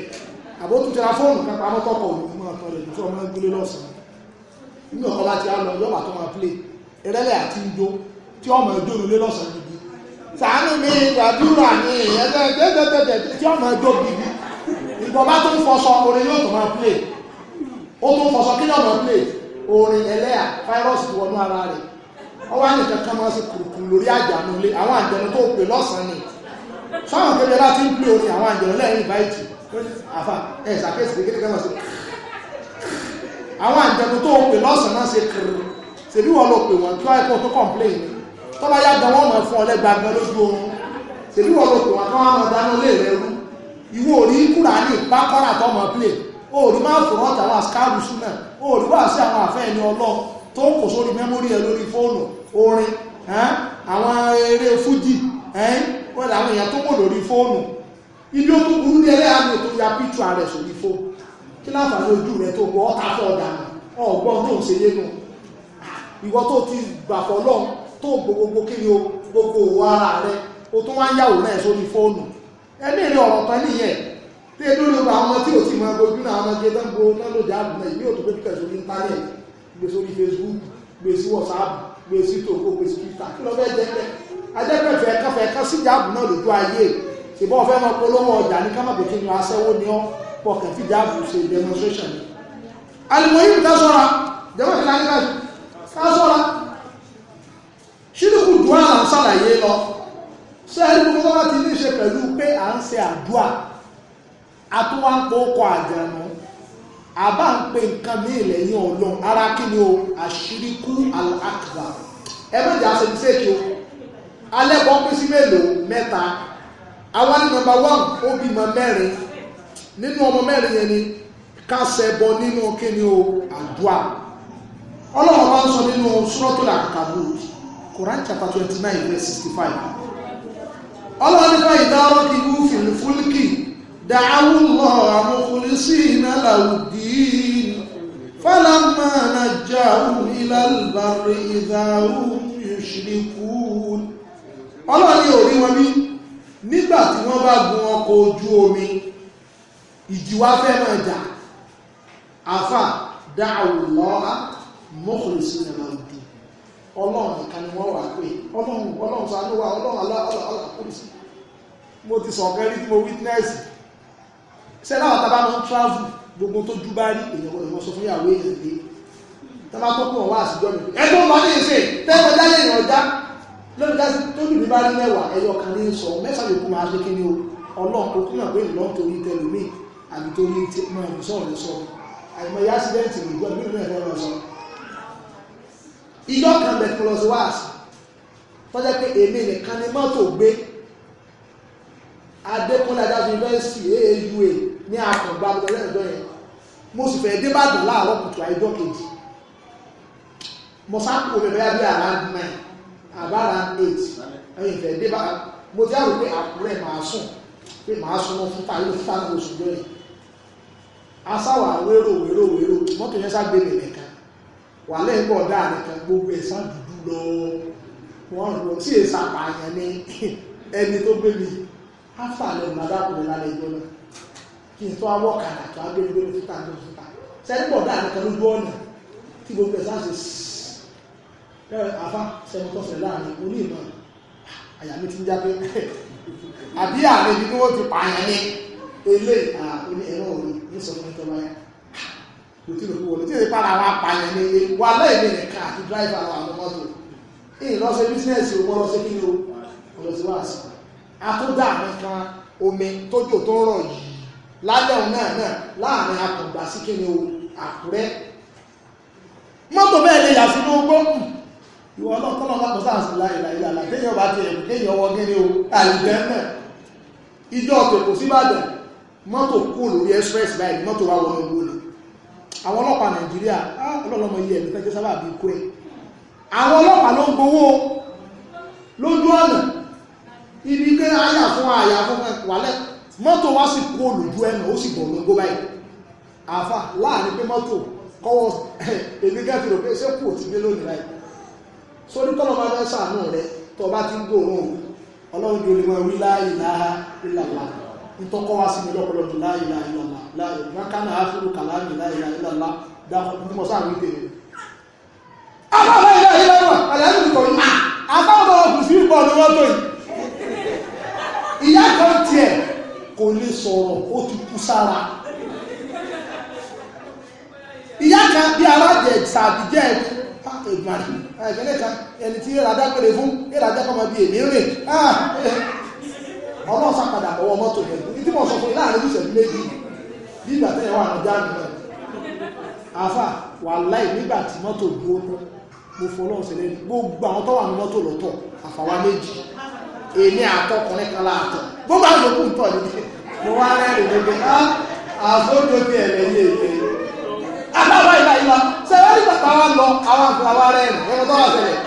àbó tún tẹ́ra fóònù kápá mọ́ tọkọ̀ òun máa tọ́ rẹ̀ tó fọ́ ọmọ ẹgbẹ́ lọ́sàn-án nígbà ọkọ̀ bá ti á lọ yọ́bà tó máa play ẹrẹ́lẹ̀ àti ijó tí ọmọ ẹjọ́ ìrùlé lọ́sàn ń fọṣọ orin yóò tó máa play ó tó ń fọṣọ kí ni ọmọ play orin ẹlẹ́yà fáírọ́ọ̀sì ti wọnú ara rẹ̀ wọ́n wá nìkan kan máa ṣe kùrùkùrù lórí àjànú ilé àwọn àjẹnu tó pè lọ́sàn-án ni fáwọn kékeré láti ń pè orin àwọn àjẹnu lẹ́yìn ìbáyìí àfà ẹ̀ ṣàkíyèsí kékeré kan máa ṣe àwọn àjẹnu tó pè lọ́sàn-án náà ṣe kìrì ṣèbí wọn lọ pè wọn tó àìkọ́ tó kọ̀m̀pléyìn tọ́ba yá gan wọ́n máa fún ọ lẹ́gbàgbẹ́ lójú oorun ṣèbí wọn lọ pè wọn kọ́ wọn máa dáná lé rẹ̀ rú ìwọ orí kúrà òòrùn máa fòrán àtàwọn àṣkáàrù súnà òòrùn wà sí àwọn àfẹ́ ẹni ọlọ́ tó ń kò sórí mẹ́mórí ẹ lórí fóònù orin àwọn eré fújì wọ́n làwọn èèyàn tó mọ̀ lórí fóònù ilé ó tún burú ní ẹlẹ́ àmì tó ya píṣù ààrẹ sórí fóònù kí láǹfààní ojú rẹ tó gbọ́ ọ́ta fọ́ ọ̀dàmù ọ̀gbọ́n tó ń ṣe yé nù ìwọ tó ti gbàfọ́ lọ́n tó gbogbogbò kí ni o gbogbo òwò ara rẹ o tún wá ń yàwó náà sórí fóònù ẹni èrè ọ̀rọ̀ kan nìyẹn ní ẹdún ló gba àwọn tí ò tí mọ ẹgbẹ́ ojú náà àwọn ẹgbẹ́ tán gbogbo náà lòdì ààbò náà ìmí òtún pé sórí íńtánẹ̀tì gbé sórí Facebook gbé sí WhatsApp gbé sí tòkó gbé sí Twitter kí lọ fẹ́ jẹ́ pẹ́ ajẹ́pẹ̀fẹ́ káfẹ́ ká síjà ààbò náà lójú ayé ṣùgbọ́n ọ̀fẹ́ mọ polówó ọjà ní kámọ̀ pé kí ni aṣẹ́wó ni ọ́ pọ̀ kẹ́ fìjà ààbò ṣe demonstration ni. alimoyin ká sọ́ra jẹ́wọ́ ìlànà nígbà ká sọ́ra ṣídùkù dùn àlà ń ṣàlàyé lọ sẹ́ẹ̀lì gbogbo bá ti ní í ṣe pẹ̀lú pé à atúwá ń pò kọ àjànú àbá ń pe nǹkan ní ìlẹ́yìn ọlọ́run ara kí ni o àṣíríkú al-akbar ẹ méjì aṣọ ní sèkì o alẹ́ kan pín sí mélòó mẹ́ta àwọn ní nọ́mbà wán ó bímọ mẹ́rin nínú ọmọ mẹ́rin yẹn ni ká nínú kí ni o àdúà ọlọ́run bá ń sọ nínú دعوا الله مخلصين له الدين فلما نجاهم إلى البر إذا هم يشركون ọlọ́ni orí wọn ní nígbà tí wọ́n bá gun ọkọ̀ ojú omi ìjìwá fẹ́ máa jà àfà dáàwò lọ́ha mọ́kùnrin sí ẹ̀rọ ìdù ọlọ́run nìkan ni wọ́n wà pé ọlọ́run ọlọ́run sọ àánú wa ọlọ́run aláàkùnrin sí mo ti sọ̀kẹ́ rí tí mo wítínẹ́sì ṣe láwọn tá a bá máa ń travel gbogbo tó jú bá rí èèyàn gbọdọ̀ lọ sọ fún ìyàwó èèyàn dé tá a bá tó kún ọ̀wá àṣìjọ́ mi ẹ tó lọ ní ìsìn tẹ́kọ̀ jálẹ̀ èèyàn já lóbi dá tó lù mí bá rí mẹ́wàá ẹyọ kan ní sọ mẹ́sàn-án yòókù máa ṣe kíni o ọlọ́run kò kúnà pé ìlọ́ torí tẹlómi àbí torí máa ń sọ̀rọ̀ lọ sọ àìmọ̀ ìyá accident ìgbọ́ ìlú ìlú ẹ̀fẹ́ lọ sọ ìjọ kan bẹ̀ plus wáàs tọ́jẹ́ pé èmi nìkan ni mọ́tò gbé Adékúnlé Adájọ́ yunifásitì AAUA ní àkàngbà mi lọ́lẹ́ ìjọ yẹn mo sì fẹ́ dé bàdàn láàárọ̀ kùtù àìjọ kejì mo sáàpù mi bẹ́ẹ̀ bí around nine Around eight ẹ̀yìn fẹ́ dé bàdàn mo ti àrò pé àkúrẹ́ màá sùn pé màá sùn mọ́ fúta yóò fúta náà oṣù jọ yẹn asáwà wérò wérò wérò mọ́tò yẹn sáà gbé mi nìkan wà lẹ́yìn bọ̀ dáa nìkan gbogbo ẹ̀ sáà dúdú lọ wọ́n rọ̀ sí èsà pààyàn ní ẹni tó gbé mi áfà lẹ́nu adákùnrin lálẹ́ ìjọ náà kí n tó awọ́ kàrà tó agbẹ́gbẹ́ fúta tó fúta sẹ́yìn bọ̀ dáa nìkan lójú ọ̀nà tí gbogbo ẹ̀sán ṣe ṣe afá sẹ́yìn tó ṣẹlẹ̀ láàrin orí ìmọ̀ àyà mi ti ń jáde àbí ààrẹ ibi tí wọ́n ti pààyàn ní ilé àwọn ẹ̀rọ òní ní sọ fún ìjọba yẹn kò tí lòkú wọlé tí èdè para wa pààyàn ní ilé wa lẹ́yìn nìkan àti dráìvà àwọn mọ́tò ìyìn lọ́sẹ̀ bísíǹsì owó lọ́sẹ̀ kí ni o ọ̀rọ̀ ti wá sí i àtúndà nìkan omi tójò tó ń rọ̀ yìí lálẹ́ òun náà náà láàrin àtọ̀gbà sí ni o àkúrẹ́ mọ́tò bẹ́ẹ̀ lè yà sínú gbọ́ǹkù ìwọ ọlọ́tọ́lọ́ lápò sáàsì láìláìlà àtẹ́yìn ọba ti ẹ̀rù kéèyàn ọwọ́ gẹ́ni o àìjẹ́ náà ìjọ ọ̀tẹ̀ kò sí Ìbàdàn mọ́tò kú lórí express báyìí mọ́tò wà wọnú owó ni àwọn ọlọ́pàá Nàìjíríà ọlọ́lọ́mọ iye ẹ̀mí tẹ́jọ́ sábà bí kú ẹ̀ àwọn ọlọ́pàá ló ń gbowó lójú ọ̀nà ibi pé àyà fún àyà fún wàlẹ́ mọ́tò wá sì kú olùjú ẹnu ó sì bọ̀ lóńgó báyìí àfà láàrin pé mọ́tò kọ́wọ́ èmi gẹ́gẹ́ pé ṣé kú òtí gbé lónìí láì sórí tọ́lọ́ máa ń sàánú rẹ tó bá ti ń gbòòrùn ọlọ́run di olùmọ̀ wí láàyè láà ìlàlá ìtọ́kọ́ wá sí mi lọ́pọ̀lọpọ̀ láàyè láà ìlàlá láàyè mákànnà áfúrú kàlámì láàyè láà ìlàlá dákọ̀ bí mo sáà ìyá kan tiẹ̀ kò lè sọ̀rọ̀ ó ti kú sára ìyá kan bí alájẹ sàbíjẹ ìgbàlè ẹgbẹ̀lẹ̀ kan ẹni tí ìràdá pèrè fún ìràdá kọmọ bí èmi rìn ọlọ́sà padà ọwọ́ mọ́tò rẹ̀ ní tí mọ̀ sọ fún láàrin ìṣẹ̀lú méjì bí ìgbà tẹ́yẹ̀ wà ní jáàmù rẹ̀ àfà wà láì nígbà tí mọ́tò dúró mo fọlọ́ọ̀sẹ̀ lẹ́nu gbogbo àwọn tó wà ní mọ́tò lọ́tọ̀ àfàwà méjì èmi àtọkùnrin kan láàtọ̀ bó bá lókù ń tọ̀ níbi mo wá rẹ́rìn níbi á àfójọ bí ẹ̀rẹ̀ yé èké aláwa ìlà ìlà sẹ́wọ́n nígbà táwa lọ àwọn àgbà wa rẹ́rìn ẹ̀rọ tó wà sẹ́lẹ̀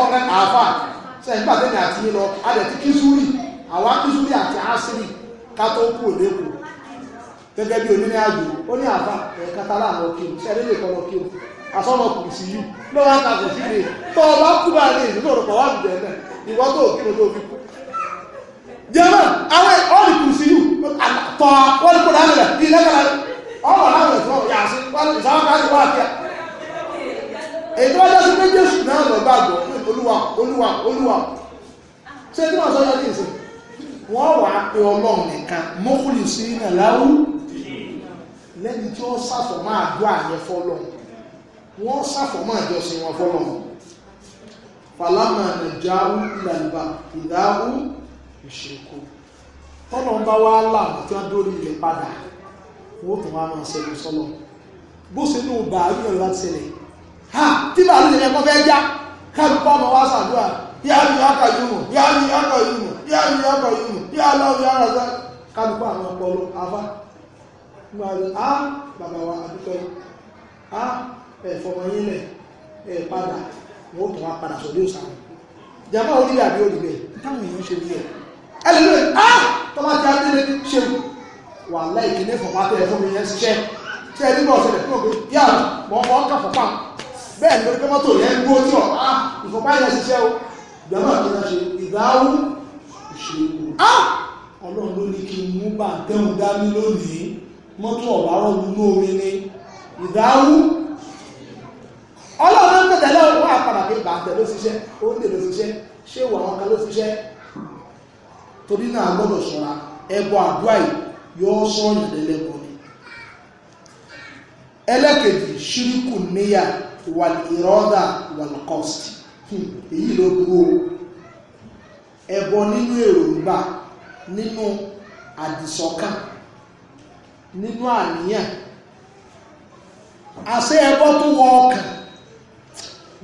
ọ̀rẹ́ àáfà sẹ́yìn nígbà tẹ́lẹ̀ àti yín lọ adẹ̀tí kísúrì àwa kísúrì àti ásírì ká tó kú òdekù gẹ́gẹ́ bí onílé àjò ó ní àfà ẹ̀ẹ́kátà láàrin ọkẹ́ sẹ́lẹ̀ lè kọ́ ọkẹ́ asọ́nà kù sí yù lọ́wọ́ àtàkùn sí ilé tọ́ ọ bá kú bá lè nílò ọ̀rọ̀ pọ̀ wá bìbẹ̀ náà ìwọ́n tó òkè lójú òfin kú jẹ́mọ̀ àwọn ọ̀lì kù sí yù tọ́ wọ́n kò dáhùn rẹ̀ ilé kan ọ̀wọ̀ láwọn ẹ̀fọ́ yà sí ìsáwọ́ká sí wà kíá. ètò ọjọ́ sí pé jésù náà lọ gbàgbọ́ olúwa olúwa olúwa ṣé tí wọ́n sọ yọ ní ìsìn wọ́n wà á pe ọlọ́run nìkan mọ́kùlì sí iná láwù lẹ́ni tí wọ́n sàfọ̀ máa dọ́ àyẹ fọ́lọ́ wọ́n sàfọ̀ máa jọ sí wọn fọ́lọ́ fàlámà nàìjáwù ìlànà ìdáwù ìṣèkó tọ́nà bá wá là tí wọ́n dórí ilẹ̀ padà wọ́n tún wá máa ṣẹlẹ̀ sọ́lọ̀ bó ṣe ní ọgbà àríyàn láti ṣẹlẹ̀ ha tí bàálù ṣẹlẹ̀ kọ́ fẹ́ já kálukọ́ ọmọ wa ṣàdúrà yá mi yáka yìí yá mi yáka yìí yá mi yáka yìí yá lọ́wọ́ yá rà sẹ́ kálukọ́ àwọn ọpọlọ afá nígbà rẹ̀ á bàbá wa àdúgbò á ẹ̀fọ́mọ yín lẹ̀ ẹ̀ padà wọ́n tún wá padà sọ̀dí òsàn jàmbá orílẹ̀ àbí táwọn èèyàn ṣe bí ẹ̀ ẹlẹ́lẹ́ ah tọ́lá ti adé lé ṣe wà láì kí ní fọ̀pá tẹ̀ fún mi yẹn ṣiṣẹ́ ṣe ẹni bọ̀ ṣẹlẹ̀ fún òkè yá mọ̀ ọ́ kà fọ̀pá bẹ́ẹ̀ lórí pé mọ́tò yẹn gbó tí ọ̀ ah ìfọ̀pá yẹn ṣiṣẹ́ o ìgbàmọ́ àti ìrìnàṣe ìgbàáwú ìṣèlú ah ọlọ́run ló ní kí n mú bá tẹ́hùn dání lónìí mọ́tò ọ̀bá rọ́ọ̀lù lóore ni ìdáwú ọlọ́run ló ń tẹ̀ ló torí náà gbọ́dọ̀ ṣọ́ra ẹbọ àdúrà yóò sọ̀yàn lẹ́lẹ́bọ ni ẹlẹ́kejì ṣíríkù níyà wà ìrọ́dà wà lọ́kọ́sì èyí ló burú ẹbọ nínú èròǹgbà nínú àdìsọ́kàn nínú àníyàn àṣẹ ẹbọ tó wọ ọkàn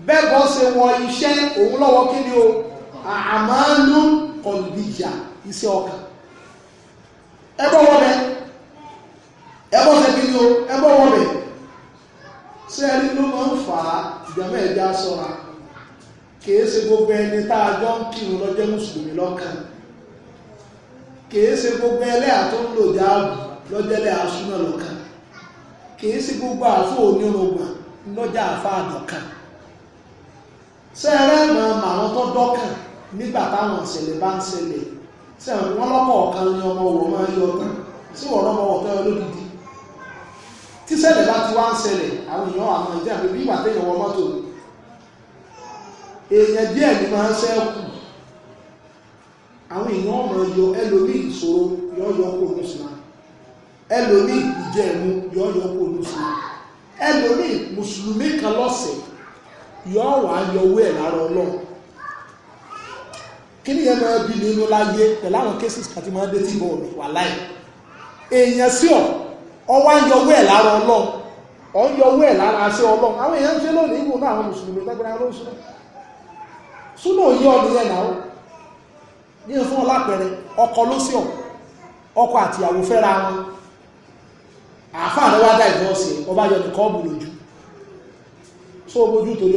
bẹ́ẹ̀ bọ́ ṣe wọ iṣẹ́ òun lọ́wọ́ kí ni o kọ̀lùbíjà iṣẹ́ ọkàn ẹbọ wọbẹ̀ ẹbọ sẹ́kí ni o ẹbọ wọbẹ̀ ṣé ẹni ló máa ń fà á ìjàmbá ẹ̀já sọ́ra kìí ṣe gbogbo ẹni tá a jọ ń kírun lọ́jọ́ mùsùlùmí lọ́kàn kìí ṣe gbogbo ẹlẹ́à tó ń lò jáàbù lọ́jẹ́lẹ́ asúná lọ́kàn kìí ṣe gbogbo àfọ onírúgbà lọ́jà àfáà lọ́kàn ṣé ẹrẹ́ màmá àwọn tó dọ́kàn nígbà táwọn ìṣẹ̀lẹ̀ bá ń ṣẹlẹ̀ sí àwọn wọn lọ́pọ̀ ọ̀kan ní ọmọ òwò máa ń yọ ọ̀tàn sí wọ́n ọmọ ọ̀tàn olódìdí tí ṣẹlẹ̀ bá ti wá ń ṣẹlẹ̀ àwọn èèyàn àmọ́ ìdí àbí bí ìgbà téèyàn wọ mọ́tò ni èèyàn díẹ̀ ni máa ń ṣẹ́kù àwọn èèyàn ọmọ yọ ẹlòmí ìṣòro yọ́yọ́ kò ní ìṣúná ẹlòmí ìjẹ̀mú yọ́yọ́ kò ní ìṣúná ẹlòmí mùsùlùmí kan lọ́sẹ̀ yọ́ wàá yọwọ́ ẹ̀ lára ọlọ́run kí ni yẹn máa bí nínú láyé pẹ̀lú àwọn cases kan tí máa dé tí bọ̀ mi wà láì èèyàn sí ọ ọwọ́ à ń yọwọ́ ẹ̀ lára ọlọ́run ọ̀ ń yọwọ́ ẹ̀ lára aṣọ ọlọ́run àwọn èèyàn ń ṣe lónìí ìwò náà àwọn mùsùlùmí lẹ́gbẹ̀rẹ́ ló ń súná súná yí ọ nìyẹn náà ní fún ọ lápẹẹrẹ ọkọ ló sí ọ ọkọ àtìyàwó fẹ́ra wọn àáfàá ló wá dá ìfọwọ́sí ọba yọ o bójú torí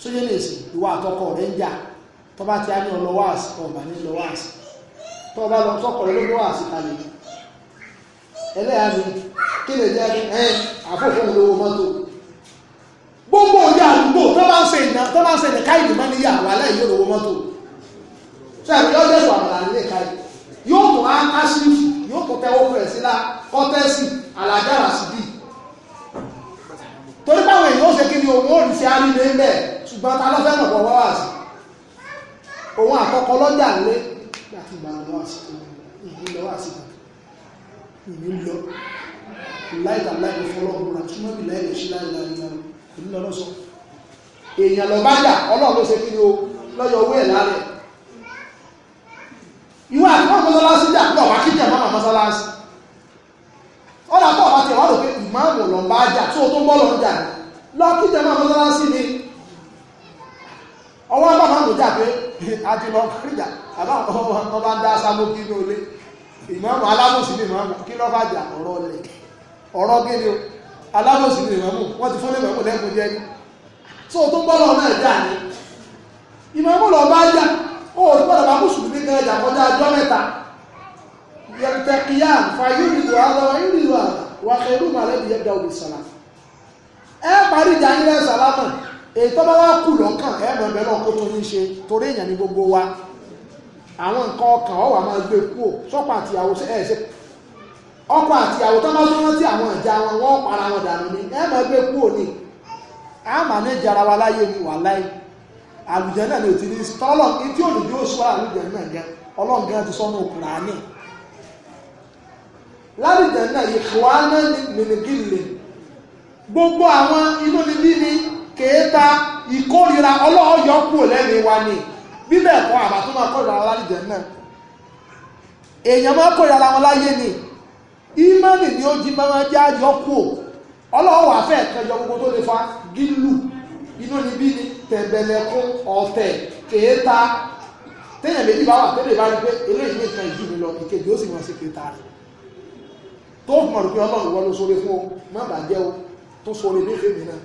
sóyè lè sè ìwà àtọkọ rẹ ń jà tọba ti á ní ọlọ wáàsì ọba ní lọ wáàsì tọba lọ tọkọ rẹ ló lọ wáàsì kalẹ̀ ẹlẹ́yà mi kí lè jẹ́ ẹ àfọ̀fọ̀ olówó mọ́tò gbogbo ìyá àdúgbò tó bá ń ṣe ìná tó bá ń ṣe ìná káyì lè má ní yà wà láì yóò lówó mọ́tò ṣe àbí ọjọ́ ìwà àmàlà nílé káyì yóò tó á káṣíìfù yóò tó tẹ owó sí la kọ́tẹ́sì àlàjára sí bíi torí báwọn èèyàn ó ṣe kí ni òun ó rí sí àrílé bẹ́ẹ̀ ṣùgbọ́n ta ló fẹ́ mọ̀ pọ̀ wá sí òun àkọ́kọ́ lọ́jà lé láti gbà lọ́wọ́ àsìkò ìlú lọ́wọ́ àsìkò ìlú lọ láìka láìka fọlọ́gbọ̀n rà túnmọ́ bí láìka ṣí láìka ìlú ìlú lọ́rọ̀ sọ èèyàn lọ bá jà ọlọ́run ló ṣe kí ni o lọ́yọ̀ owó ẹ̀ lálẹ́ ìwé àkọ́kọ́ mọ́sálásí jà lọ wá kíjà mọ́ mọ́sálásí ọ̀dà pọ̀ bá ti wà lópe ìmáàmù lọ́n bá jà tó tó bọ́ jà lọ kíjà mọ́sálásí ni ọwọ́ bá máa ń lò jáde àti lọ kárìjà àbá ọmọ bá ń dá sábó kí ní olé ìmọ̀ọ́mù alábòsí ni ìmọ̀ọ́mù kí lọ́ fàjà ọ̀rọ̀ lẹ̀ ọ̀rọ̀ gẹ́ni o alábòsí ni ìmọ̀ọ́mù wọ́n ti fún ìmọ̀ọ́mù lẹ́kùn jẹ́ ní tó tó ń bọ́lọ̀ náà jà ní ìmọ̀ọ́mù lọ bá jà ó ti gbọ́dọ̀ bá mùsùlùmí kan ẹ̀jà kọjá ọjọ́ mẹ́ta yẹtẹkíyà fàyúrìlò àlọ́ ìrìlò àlọ́ wà ètò bá wá kù lọ́kàn ẹ̀ẹ́dọ̀bẹ̀ náà kó tó yín ṣe torí èèyàn ní gbogbo wa àwọn nǹkan ọkàn ọwà máa gbé kúò sọ́pọ̀ àtìyàwó ẹ̀ ṣe ọkọ àtìyàwó tó máa tó rántí àwọn ìjà wọn wọ́n para wọn dànù ni ẹ̀ máa gbé kúò ní a máa ní jara wa láyé ni wà láyé àlùjẹ náà ni ò ti ní tọ́lọ̀ etí òdìdí ó sọ àlùjẹ náà gan ọlọ́run gan ti sọ́nà òkùnrin lálùjẹ náà ìfọwọ́ náà nìgìlì gbogbo àwọn inú níbí ni kèéta ìkórira ọlọ́run yọ kúrò lẹ́nu wa ni bíbẹ̀ ẹ̀kọ́ àbá tó máa kórira wọn lálẹ́ jẹ̀ẹ́ náà èèyàn máa kórira wọn láyé ni ìmọ̀nì ni ó jí máa jẹ́ àyọ kúrò ọlọ́run wà fẹ́ kẹjọ gbogbo tó lè fa gílù inú níbí ni tẹ̀bẹ̀lẹ̀kún ọ̀tẹ̀ kèéta téèyàn méjì bá wà tẹ́lẹ̀ bá rí pé eléyìí ní ìfẹ́ ìjú mi lọ ìkejì ó sì mọ̀ sí kèéta rẹ̀ tó mọ̀ rú pé ọlọ́run wọ́n ló sóre fún ọ mọ́ bàjẹ́ o tó sóre ní ìfẹ́ náà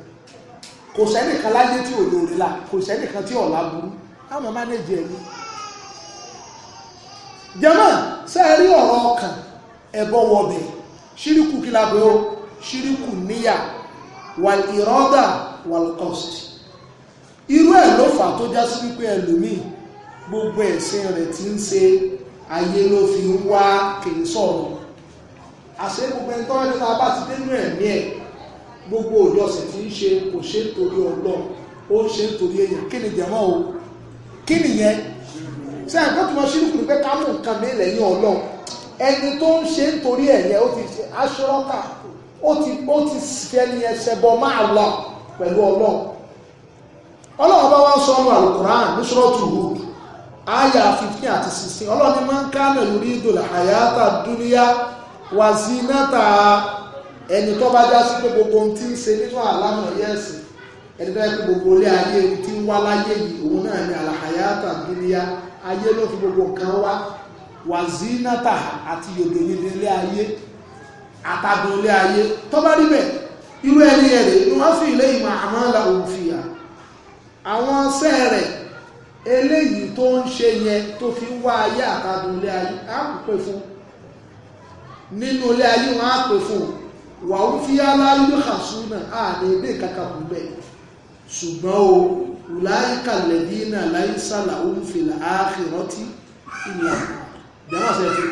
kò sẹ́nìkan láyé tí ò lóore la kò sẹ́nìkan tí ọ̀la burú káwọn máa nẹ́jì ẹ̀mí. jẹ́mọ̀ ṣe é rí ọ̀rọ̀ ọkàn ẹ̀bọ wọ̀bẹ̀ ṣíríkù kí lábẹ́ ó ṣíríkù níyà wàl ìrọ́dà wàl cost. irú ẹ̀ ló fà tó já sí wípé ẹlòmíì gbogbo ẹ̀sìn rẹ̀ ti ń ṣe ayé ló fi ń wá kì í sọ̀rọ̀ àṣẹ gbogbo ẹni tọ́wọ́ nípa bá ti dénú ẹ̀mí ẹ̀ gbogbo ìjọsìn tí ń ṣe kò ṣe torí ọlọ́run ó ṣe torí èèyàn kí ni jẹ̀mọ́ o kí nìyẹn ṣe àgbẹ̀ tó máa ṣe ní pé ká mú nǹkan mi lẹ́yìn ọlọ́run ẹni tó ń ṣe nítorí ẹ̀yẹ ó ti ṣe aṣọ́rọ́kà ó ti ó ti fi ẹni ẹsẹ̀ bọ máa lọ pẹ̀lú ọlọ́run ọlọ́run bá wá sọ ọmọ alukuran ní sọ́ọ̀tù Hud àyà fifteen àti sixteen ọlọ́run máa ń kánà lórí ìdòlà àyàtà dúníyà wàzínátà ẹni tó bá já sí pé gbogbo ohun tí ń ṣe nínú àlámọ̀ yẹ́sì ẹni tó yẹ kí gbogbo ilé ayé tí ń wá láyé yìí òun náà ni àlàkàyàtà dúníyà ayé ló fi gbogbo nǹkan wá wàzínátà àti yòdò yìí ilé ayé àtàgùn ilé ayé tó bá rí bẹ́ẹ̀ irú ẹni ẹ̀rẹ̀ ni wọ́n fi ilé ìmọ̀ àmọ́lá òfìyà àwọn sẹ́ẹ̀rẹ̀ eléyìí tó ń ṣe yẹn tó fi wá ayé àtàgùn ilé ayé á pè fún nínú ilé ayé wọn á pè fún wà ń fi aláyúhà súnà àní ilé kàkà púpẹ̀ ṣùgbọ́n o wùláyíkà lẹ́bínà láìsàlà ó ń fi àáfìrọ́tí ìlà ìjọba ṣe fi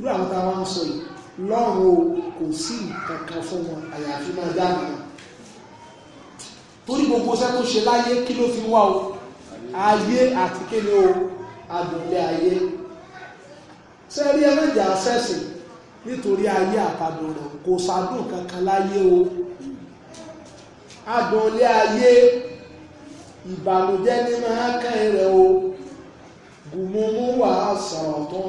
irú àwọn táwọn ń sọ yìí lọ́rùn o kò sí kankan fún wọn àyàfi máa dáàbò wọn torí gbogbo ṣẹ́ tó ṣe láyé kí ló fi wá o ayé àti kí ni o adùnlé ayé sẹ́rí ẹlẹ́jà sẹ́sìn nítorí ayé àtàdùn rẹ̀ kò sádùn kankan láyé o adùn ilé ayé ìbànújẹ́ ní máa kàn rẹ̀ o gùnmùmù wà á sọ̀rọ̀ tó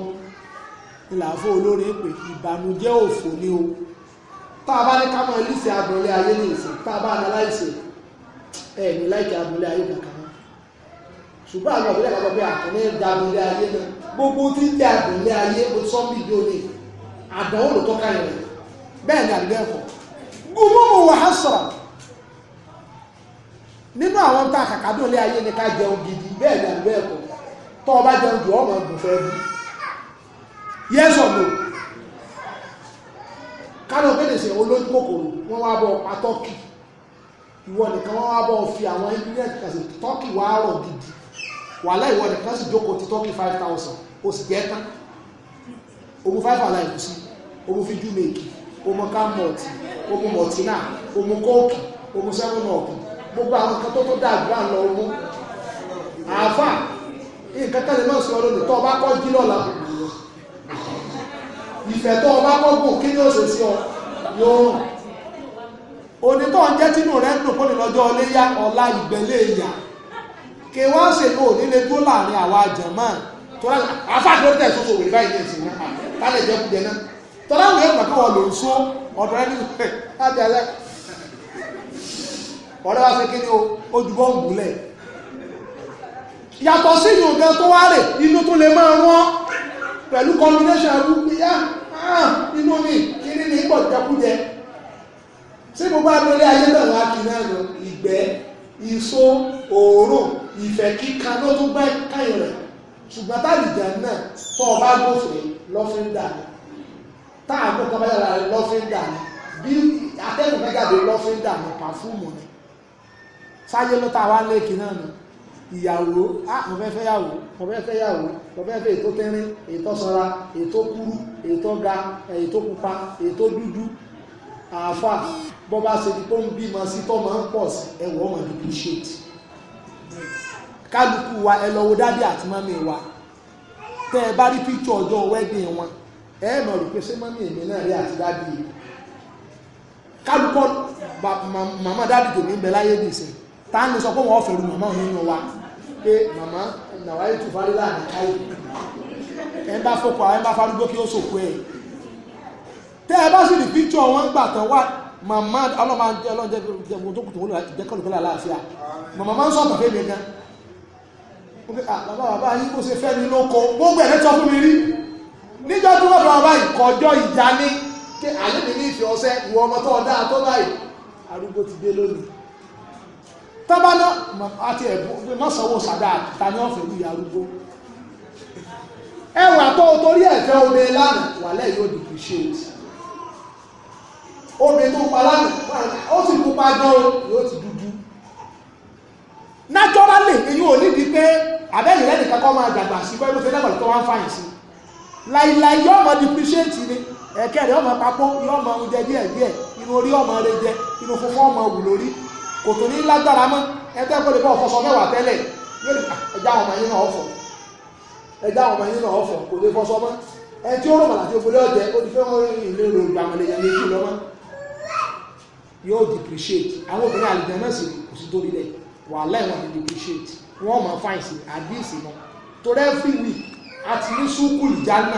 ń làáfó olórí pé ìbànújẹ́ òfò ni o tá a bá ní kámọ̀ lísẹ̀ adùn ilé ayé ní ìsìn tá a bá ní aláìsẹ̀ ẹ̀ ní láìkẹ́ adùn ilé ayé kankan ṣùgbọ́n àwọn ọ̀gbẹ́lẹ̀ kan sọ pé àtúnlẹ̀ ìdàgbọ̀n ilé ayé náà gbogbo tí ń jẹ́ àdùn ilé ayé o sọ́ńbì dóni àdánwò ló tọ́ka yẹn rẹ̀ bẹ́ẹ̀ ni àdúgbò ẹ̀kọ́ gúmọ́mù wà á sọ̀rọ̀ nínú àwọn tá a kàkà dùn lé ayé ni ká jẹun gidi bẹ́ẹ̀ ni àdúgbò ẹ̀kọ́ tọ́ ọba jẹun jù ọmọ ẹ̀dùn fẹ́ bí yes or no kánú bẹ́ẹ̀dẹ̀sẹ̀ olójú kòkòrò wọ́n wá bọ́ ọ̀pá tọ́kì ìwọ nìkan wọ́n wá bọ́ fi àwọn ingredient kàṣẹ five thousand o sì jẹ́ tán ogun five thousand kò sí Omo omufi jumeki omu kamọti omu mọtina omu kọọki omu sẹwọnọọki gbogbo àwọn nǹkan tó tó dáa gbà lọ omu àáfà nǹkan tẹ́lẹ̀ náà sọ lónìí tó ọba kọ jí lọ́la ìfẹ́ tó ọba kọ gùn kí ni ó ṣe sí ọ yóò rùn òní tó ń jẹ́ tínú rẹ̀ ń dùn kó ní lọ́jọ́ ọléyá ọlá ìgbẹ́lẹ̀ ìyà kí wọ́n ṣe kó nílé tó láàrin àwa jẹ̀mọ́ tó láti afáàgbọ́n tẹ̀ tó sòwò ìbáyìí ní ìsìn náà tá lè náà tọ́lá àwọn ẹgbẹ̀ kọ́ lò ń só ọ̀dọ̀ ẹni rẹ̀ láti alẹ́ ọ̀rẹ́ wa fẹ́ kéde ojúbọ́ ń gúnlẹ̀ yàtọ̀ sí ìyàn gan tó wá rè inú tó lè máa wọ́n pẹ̀lú combination ẹ̀rú píyà ah, inú mi kiri ní ìgbọ̀ jẹkújẹ sí gbogbo abẹ́lé ayé náà wá kí náà lọ ìgbẹ́ ìso òórùn ìfẹ́ kíka ló tún gbá káyọ̀ rẹ̀ ṣùgbọ́n táàlì jẹ́ náà tó ọba gbòfin lọ́fíńdà rẹ̀ táà ń tọ́ka báyà rẹ̀ lọ́fíńdà ni bí atẹ́gùn mẹ́gàdé lọ́fíńdà ni pàfúùmù ni sáyé ló táwa ń léèkì náà nù ìyàwó á ah, mo fẹ́ fẹ́ yàwó mo fẹ́ fẹ́ yàwó mo fẹ́ fẹ́ ètò tẹ́rín ètò sanra ètò kúrú ètò ga ètò pupa ètò dúdú àáfà bọ́ bá ṣe ti tó ń bímọ sí tó máa ń pọ̀ sí ẹ̀wọ̀ ọmọ dúdú ṣètì kálukú wa ẹ lọ wo dádì àti wa tẹ́ ẹ bá rí píkṣọ̀ ọjọ́ wẹ́dìn wọn ẹ mọ̀ rò pé ṣé mọ́mí èmi náà rí àti dábì yìí kálukọ́ màmá dábì tèmi ń bẹ láyé nìsín tá a ní sọ pé wọ́n fẹ́ ru màmá òun nínú wa pé màmá nàwáyé tù fárí láàrin káyé ẹ bá fọ́pọ̀ àwọn ẹ bá farúgbó kí ó sòkó ẹ̀ tẹ́ ẹ bá sì rí píkṣọ̀ wọn gbà tán wá màmá ọlọ́mà ọlọ́jẹ́ tó kùtù wọlé ìjẹ́kọ̀lùkọ́lá aláàfíà màmá máa ń sọ̀tọ̀ fẹ́ mi gan bàbá bàbá yìí kó ṣe fẹ́ mi lóko gbogbo ẹ̀ lẹ́tọ́ fún mi rí níjọ́ tí wọ́n bá báyìí kọjọ́ ìjà ní kí àlébì ní ìfẹ́ ọsẹ́ ìwọ ọmọ tó ọdá tó báyìí arúgbó ti dé lónìí tábánà àti ẹ̀bùn mọ́sánwó sàdá tani ọ̀fẹ́ ní arúgbó ẹwà tó torí ẹ̀fẹ́ omi lánàá wà lẹ́yìn ó dìbò ṣe é omi tó pa lánàá ó sì pupa gan yóò ti dúdú naturally èyí ò nídìí pé àbẹ́yìn lẹ́nìkan kọ́ máa dàgbà sí pé ló fẹ́ dàgbà tó wá ń fàyìn sí i láìláì yóò mọ depreciate ni ẹ̀kẹ́ rẹ̀ ọmọ papọ̀ yóò mọ oúnjẹ díẹ̀ díẹ̀ inú orí ọmọ rẹ jẹ inú funfun ọmọ wù lórí kò tó ní lágbára mọ́ ẹgbẹ́ kó lè bọ́ ọ̀fọ́sọ mẹ́wàá tẹ́lẹ̀ ah, ẹjá àwọn ọmọ yín náà ọ̀fọ̀ ẹjá àwọn ọmọ yín náà ọ̀fọ̀ kò lè fọ́sọ mọ́ ẹ tí ó rọ̀mọ̀ àti òfòlé ọ̀jẹ́ ó ti fẹ́ wọ́n rìn ilé ìròyìn àmọ̀lẹ̀ yẹn méjì lọ́mọ́ yóò depreciate àwọn obìnrin àlùjẹ náà sì kò sí torí rẹ̀ wàhálà ìwọ̀n depreciate wọ́n mọ̀ fáìsì àdíìsì náà torí every week àti ní sukùlù jánà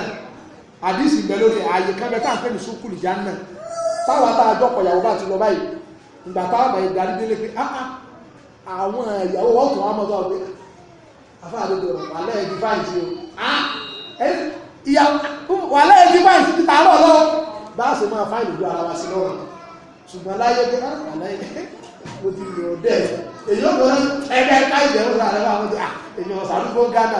àdìsí ìgbẹ́ lórí ààyè kan bẹ táà ń pè ní sukùlù jánà táwa tá a jọpọ̀ ìyàwó bá ti lọ báyìí ìgbà táwa bá ìdarí délé pé àwọn ìyàwó wọ́n tún wá mọ́ sọ pé afáàdé tó wàlẹ́ ẹ̀dí báyìí sí o wàlẹ́ ẹ̀dí báyìí sí ti tààrọ̀ lọ bá a sì máa fáìlì ju ara wa sí lọ́wọ́ ṣùgbọ́n láyé pé wàlẹ́ mo ti lè ọ̀dẹ́ èyí ó lọ ẹgbẹ́ ká ìbẹ̀rù rà lọ́wọ́ àwọn ọmọdé èyí ọ̀sán àdúgbò gánà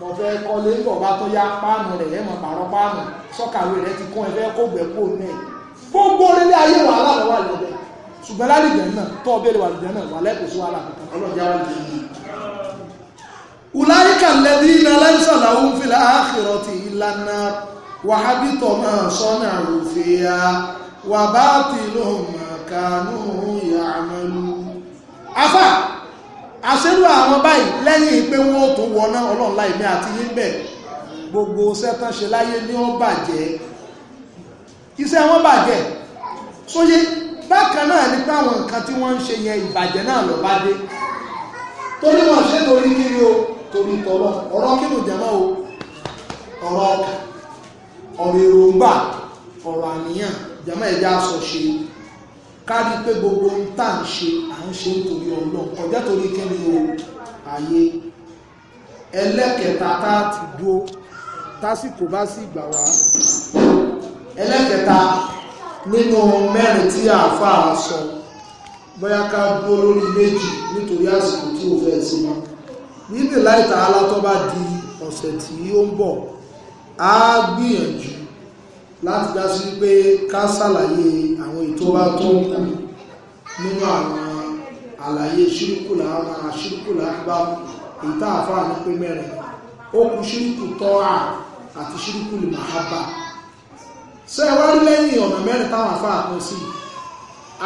mo fẹ́ kọ́lé nígbà bá tó yá páànù rẹ̀ ẹ̀ mọ̀ pààrọ̀ páànù sọ́kàwé rẹ̀ ti kún ẹ fẹ́ kó gbẹ̀ kó náà gbogbo orílẹ̀ ayé wà aláwọ̀ àlọ́bẹ̀ ṣùgbọ́n lálìjẹ̀ náà tọ́ bẹ́ẹ̀lẹ̀ wà lìjẹ̀ náà wà lẹ́kùn sí wàhálà kankan ọlọ́jà wà lìjẹ̀ yìí ùláyíkà lẹ́bí iná láìsàn làwọn ń láàkìrọ̀ ti ìlànà wàhábítọ̀ máa sọ́nà òfin ya wà bá tìlọ̀ màkánú ìyàmẹ́lú àṣẹ́lú àwọn báyìí lẹ́yìn pé wọ́n ó tó wọná ọlọ́run láìmí àti yín bẹ̀ gbogbo iṣẹ́ tán ṣe láyé ní ó bàjẹ́ iṣẹ́ wọn bàjẹ́ sóyé bákan náà ní pé àwọn nǹkan tí wọ́n ń ṣe yẹn ìbàjẹ́ náà lọ bá dé torí wọn ṣe torí kiri o torí tọrọ ọ̀rọ̀ kí ló jẹ́ mọ́ o ọ̀rọ̀ ọ̀rọ̀ èròǹgbà ọ̀rọ̀ àníyàn jẹ́mọ́ ẹ̀já sọ ṣe kárí pé gbogbo ohun tá à ń ṣe à ń ṣe nítorí ọlọ́run kọjá torí kẹ́ni o ààyè ẹlẹ́kẹta tá a ti dúó tásìkò bá sì gbà wá ẹlẹ́kẹta nínú mẹ́rin tí àáfàá sọ bóyá ká dúó lórí méjì nítorí àsìkò tí ò fẹ́ sí wọn níbi láìta alátọ́ bá di ọ̀sẹ̀ tí ó ń bọ̀ á gbìyànjú láti dá sí pé ká ṣàlàyé àwọn ètò bá tó nínú àwọn àlàyé ṣírùkùlà àwọn ṣírùkùlà bá ìta àfáà ní pé mẹ́rin ó kù ṣírùkù tọ́ra àti ṣírùkùlù màhábà ṣé wá rí lẹ́yìn ọ̀nà mẹ́rin táwọn àfáà kan sí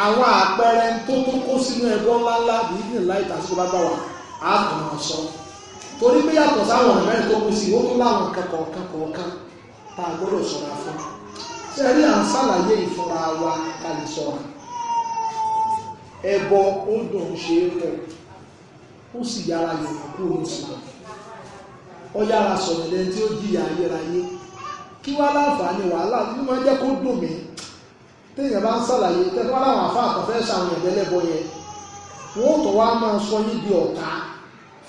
àwọn àpẹẹrẹ tó tó kó sínú ẹgbọ́ ńláńlá bíi ìdílé láì tàṣíkò bá bá wà á kàn án sọ torí pé yàtọ̀ sáwọn ọ̀nà mẹ́rin tó kù sí ó tún láwọn kankan kankan tá a gbọ́dọ̀ ṣọ́ra fún un sẹ́rí à ń ṣàlàyé ìfúnra wa ká lè sọ̀rọ̀ ẹbọ ó dùn ṣe é pọ̀ ó sì yára yòókù kúrò ní ìsìnkú ó yára sọ̀rọ̀ lẹ́ni tí ó jìyà ayérayé kí wá láǹfààní wàhálà tí wọ́n jẹ́ kó dùn mí téèyàn bá ń ṣàlàyé tẹ́tí wọ́n láwọn àfáà kan fẹ́ ṣàwọn ẹ̀dẹ́lẹ́bọ yẹn wọ́n tó wá máa sọ yín di ọ̀tá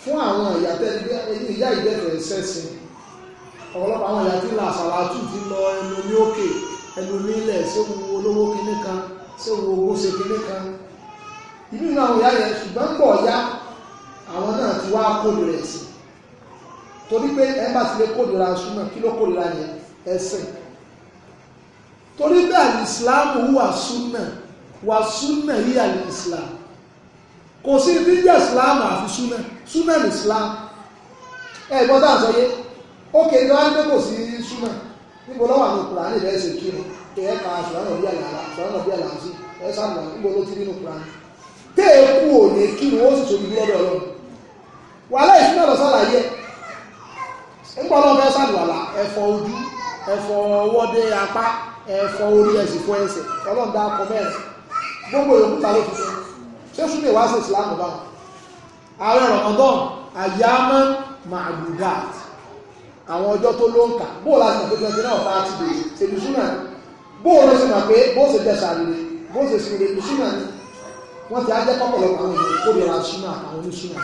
fún àwọn ìyá tẹ́lẹ̀ ìyá ìdẹ́fẹ̀ẹ́ sẹ́sìn ọ̀pọ̀lọpọ̀ àwọn ìyá tí ń la àṣàlátù ti lọ ẹnu ní òkè ẹlòmílẹ̀ ṣé wo olówó kinní kan ṣé wo se ṣe kinní kan ìlú náà ìyá yẹn ṣùgbọ́n pọ̀ ya àwọn náà ti wá kórìíra ẹ̀sìn torí pé ẹ bá ti lè kórìíra súnmọ́ kí ló kórìíra yẹn ẹ̀sìn torí bẹ́ẹ̀ ní ìsìláàmù wà súnmọ́ wà súnmọ́ yíyà ní ìsìláàmù kò sí ní jẹ́ ìsìláàmù àfi súnmọ́ súnmọ́ ní ìsìláàmù ẹ̀ gbọ́dọ̀ àsọyé ó kéde wá ń dé kò sí súnmọ́ níbo lọ́wọ́ àwọn kùránì rẹ̀ ṣe kírun ẹ̀ ka sùránà bí àlàlà sùránà bí àlàsí ẹ̀ sàmùlà níbo ló ti nínú kùránì téèkù ò ní kírun ó sì ṣe ibi lọ́dọ̀ ọlọ́run wàhálà ìsúná lọ sálàyé nígbà ọlọ́run ẹ̀ sàmùlà ẹ̀fọ́ ojú ẹ̀fọ́ ọwọ́ dé apá ẹ̀fọ́ orí ẹ̀sìn fún ẹsẹ̀ ọlọ́run dá akọ mẹ́rin gbogbo ìròkúta ló fi ṣe ṣé súnlẹ̀ wá sí ìsìlámù báwọn ààrẹ rọ̀mọdọ́n àyàmọ́ màdùdáàtì àwọn ọjọ́ tó ló ń kà bó o láti mọ̀ pé twenty nine ọ̀tá ti dé ìdùsúnà bó o lọ sí mọ̀ pé bó o ṣe jẹ sàrìlè bó o ṣe sì rè ìdùsúnà ni wọ́n ti á jẹ́ pọ̀pọ̀lọpọ̀ àwọn ènìyàn tó bẹ̀rẹ̀ àṣúná àtàwọn oníṣúná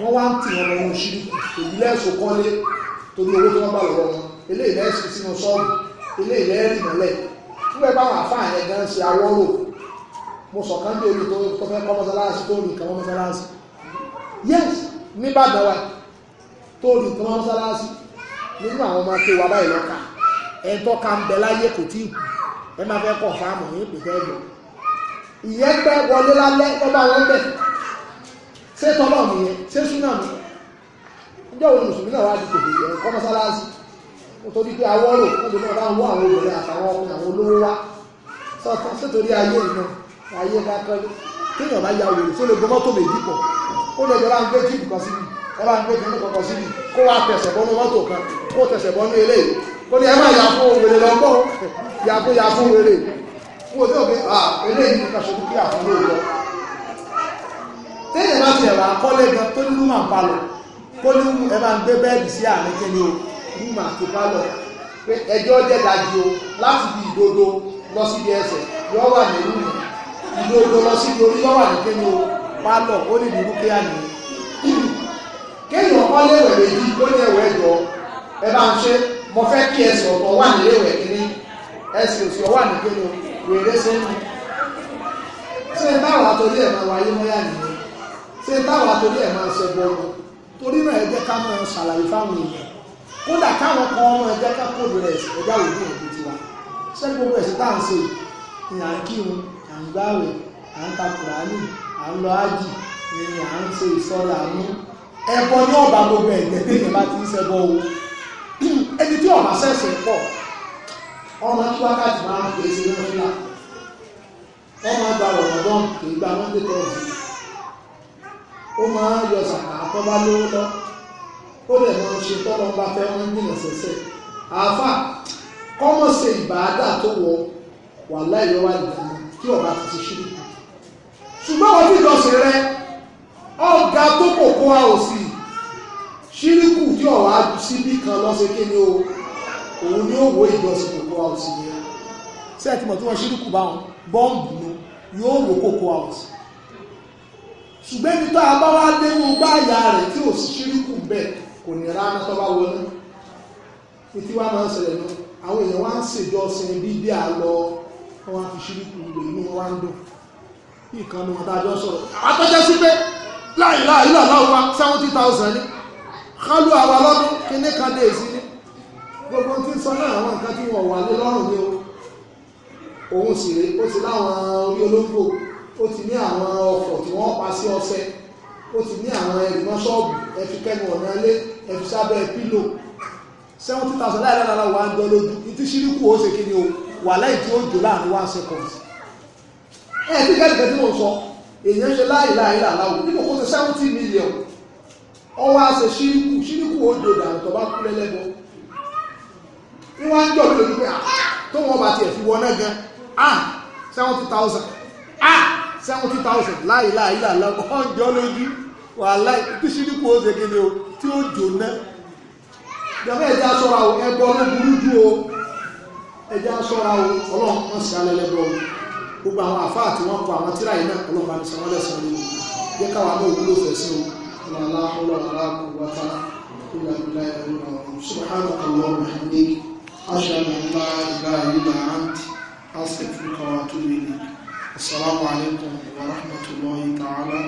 wọ́n wá ń tì wọn lọ́wọ́ ṣírí èyí lẹ́sùn kọ́lé torí owó tí wọ́n bá lọ́wọ́ wọn eléyìí lẹ́sùn sínú ṣọ́ọ̀bù eléyìí lẹ́rìn mọ́lẹ̀ nígbà báwọn àfáà yẹn gan ṣe awọ́rò mo sọ̀kan bí omi tó fẹ́ kọ́ mọ́sálásí tó nìkan mọ́sálásí yes nígbàdàn wa tó rí tán mọ́sálásí nínú àwọn ọmọ akéwà báyìí lọ́ka ẹ̀ tọ́ka ń bẹ láyé kò tí ì kú ẹ máa fẹ́ kọ̀ fáàmù yín pè fẹ́ lọ ìyẹn pẹ́ wọlé lálẹ́ ọba wọn bẹ̀ ṣé tọ́lọ̀ nìyẹn ṣé súnà mi ìjọ òun mùsùlùmí náà wá di kòkè yẹn kọ́ mọ́sálásí nítorí pé awọ́ rò lọ́dún náà bá ń wọ àwọn obìnrin àtàwọn ọkùnrin àwọn olówó wá sọ́tọ́ sítorí ayé náà ayé kákọ́lé kéèyàn bá ya wèrè tó lè ẹ bá ń gbé kí ní kọ̀kọ̀ sí ni kó wá tẹ̀sẹ̀ bọ́nú mọ́tò kan kó tẹ̀sẹ̀ bọ́nú ilé kó ní ẹ má yàfó wèrè lọ́gbọ́n yàfó yàfó wèrè fún òde òbí à eléyìí ní kàṣọ dúkìá fún ilé lọ. téèyàn bá tiẹ̀ wá kọ́lé gan tó ní rúmà palọ̀ kó ní ẹ bá ń gbé bẹ́ẹ̀dì sí àárín kíni o rúmà àti palọ̀ pé ẹjọ́ jẹ́ dájú o láti bí ìdodo lọ síbi ẹsẹ̀ yọ wà ní rúmà ìdodo lọ síbi orí yọ wà ní kíni o palọ̀ ó ní ìdúró kéèyàn nìyí kéèyàn kọ́ léwẹ̀ méjì ó ní ẹ̀wẹ̀ jọ ẹ bá ń ṣe mo fẹ́ kí sọ ọ̀tọ̀ wà ní léwẹ̀ kínní ẹsẹ̀ òsì wà ní kéèyàn wèrè sẹ́yìn ṣé táwọn àtọ́lé ẹ̀ máa wáyé mọ́yà nìyẹn ṣé táwọn ẹ̀ máa torí náà ẹ jẹ́ ká máa ṣàlàyé fáwọn èèyàn kódà káwọn kan ọmọ ká ẹbọ ní ọba gbogbo ẹgbẹ tẹyẹ bá ti ń ṣẹbọ o ẹni tí ọba ṣẹ̀ṣẹ̀ pọ̀ ọmọ tí wákàtí máa ń pèsè náà ńlá ọmọ àgbà rọmọdán kì í gba mọ́ndé tọ́sí ó máa ń yọ sàkà àtọ́bá lówó lọ ó lè máa ń ṣe tọ́lọ́ bá fẹ́ wọ́n ń dìnà sẹ́sẹ́ àáfà kọ́mọ̀ ṣe ìbáadà tó wọ wà láìlọ́ wà ìdáná kí ọba ti ti ṣírí ṣùgbọ́n wọ́n ti lọ sí rẹ ọ̀gá tó kò kó a ṣíríkù tí ọ̀wá síbí kan lọ́sẹ̀ kí ni o òun ni ó wo ìjọsìn kòkó out yẹn sí ẹ̀tí mọ̀ tí wọ́n ṣíríkù bá wọn bọ́ǹbù ni yóò wo kòkó out ṣùgbọ́n ibi tó abáwá dé mú gbáàyà rẹ̀ tí ò sí ṣíríkù bẹ́ẹ̀ kò ní rárá tó bá wọlé títí wá máa ń ṣẹlẹ̀ náà àwọn èèyàn wá ń ṣèjọsìn bí bí a lọ wọn fi ṣíríkù lò inú wọn ń dùn ìkànnì wọn dájọ́ sọ̀rọ̀ àtọ́jọ́ sí pé láìláìláìláìwá seventy thousand kálù àwa lọ́dún kíní kan dé sí ní gbogbo tí ń sọ náà àwọn nǹkan tí wọ́n wà ní lọ́rùn ní o òun sì rèé ó ti láwọn orí olóńgbò ó ti ní àwọn ọkọ̀ tí wọ́n pa sí ọṣẹ ó ti ní àwọn ẹ̀gbọ́n ṣọ́ọ̀bù ẹ̀fi kẹ́nu ọ̀nà ilé ẹ̀fi sábẹ́ pílò seventy thousand láì lára wà ń jọ lójú ìtí ṣíríkù ó ṣe kí ni o wà láì tí ó jò láàrin one second ẹ̀ẹ́dẹ́gbẹ̀rún tí mo sọ èèyàn ṣe láì láì láàláwò nígbà kó ṣe seventy million ọwọ́ àṣẹ ṣíríkù ṣíríkù ó dòdò àrùn tó bá kú lẹ́lẹ́bọ wọ́n wá ń jọ lórí pé ah, tó wọn bá tiẹ̀ fi wọná gan ah seventy thousand ah seventy thousand láì láì láì lọ ọ̀ ń jọ lójú wàhálà tí ṣíríkù ó ṣe kéde o tí ó jóná ìjọba ẹ̀jẹ̀ aṣọra o ẹbọ ló burú jù o ẹ̀jẹ̀ o ọlọ́run wọn o gbogbo àwọn àfáà tí wọ́n kọ àwọn tíráyì náà ọlọ́run bá ní sanwó-ẹ̀sán fẹ̀ sí o. حول حول ولا قوة إلا بالله سبحانك اللهم وبحمدك أشهد أن لا إله إلا أنت أستغفرك وأتوب إليك السلام عليكم ورحمة الله تعالى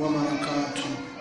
وبركاته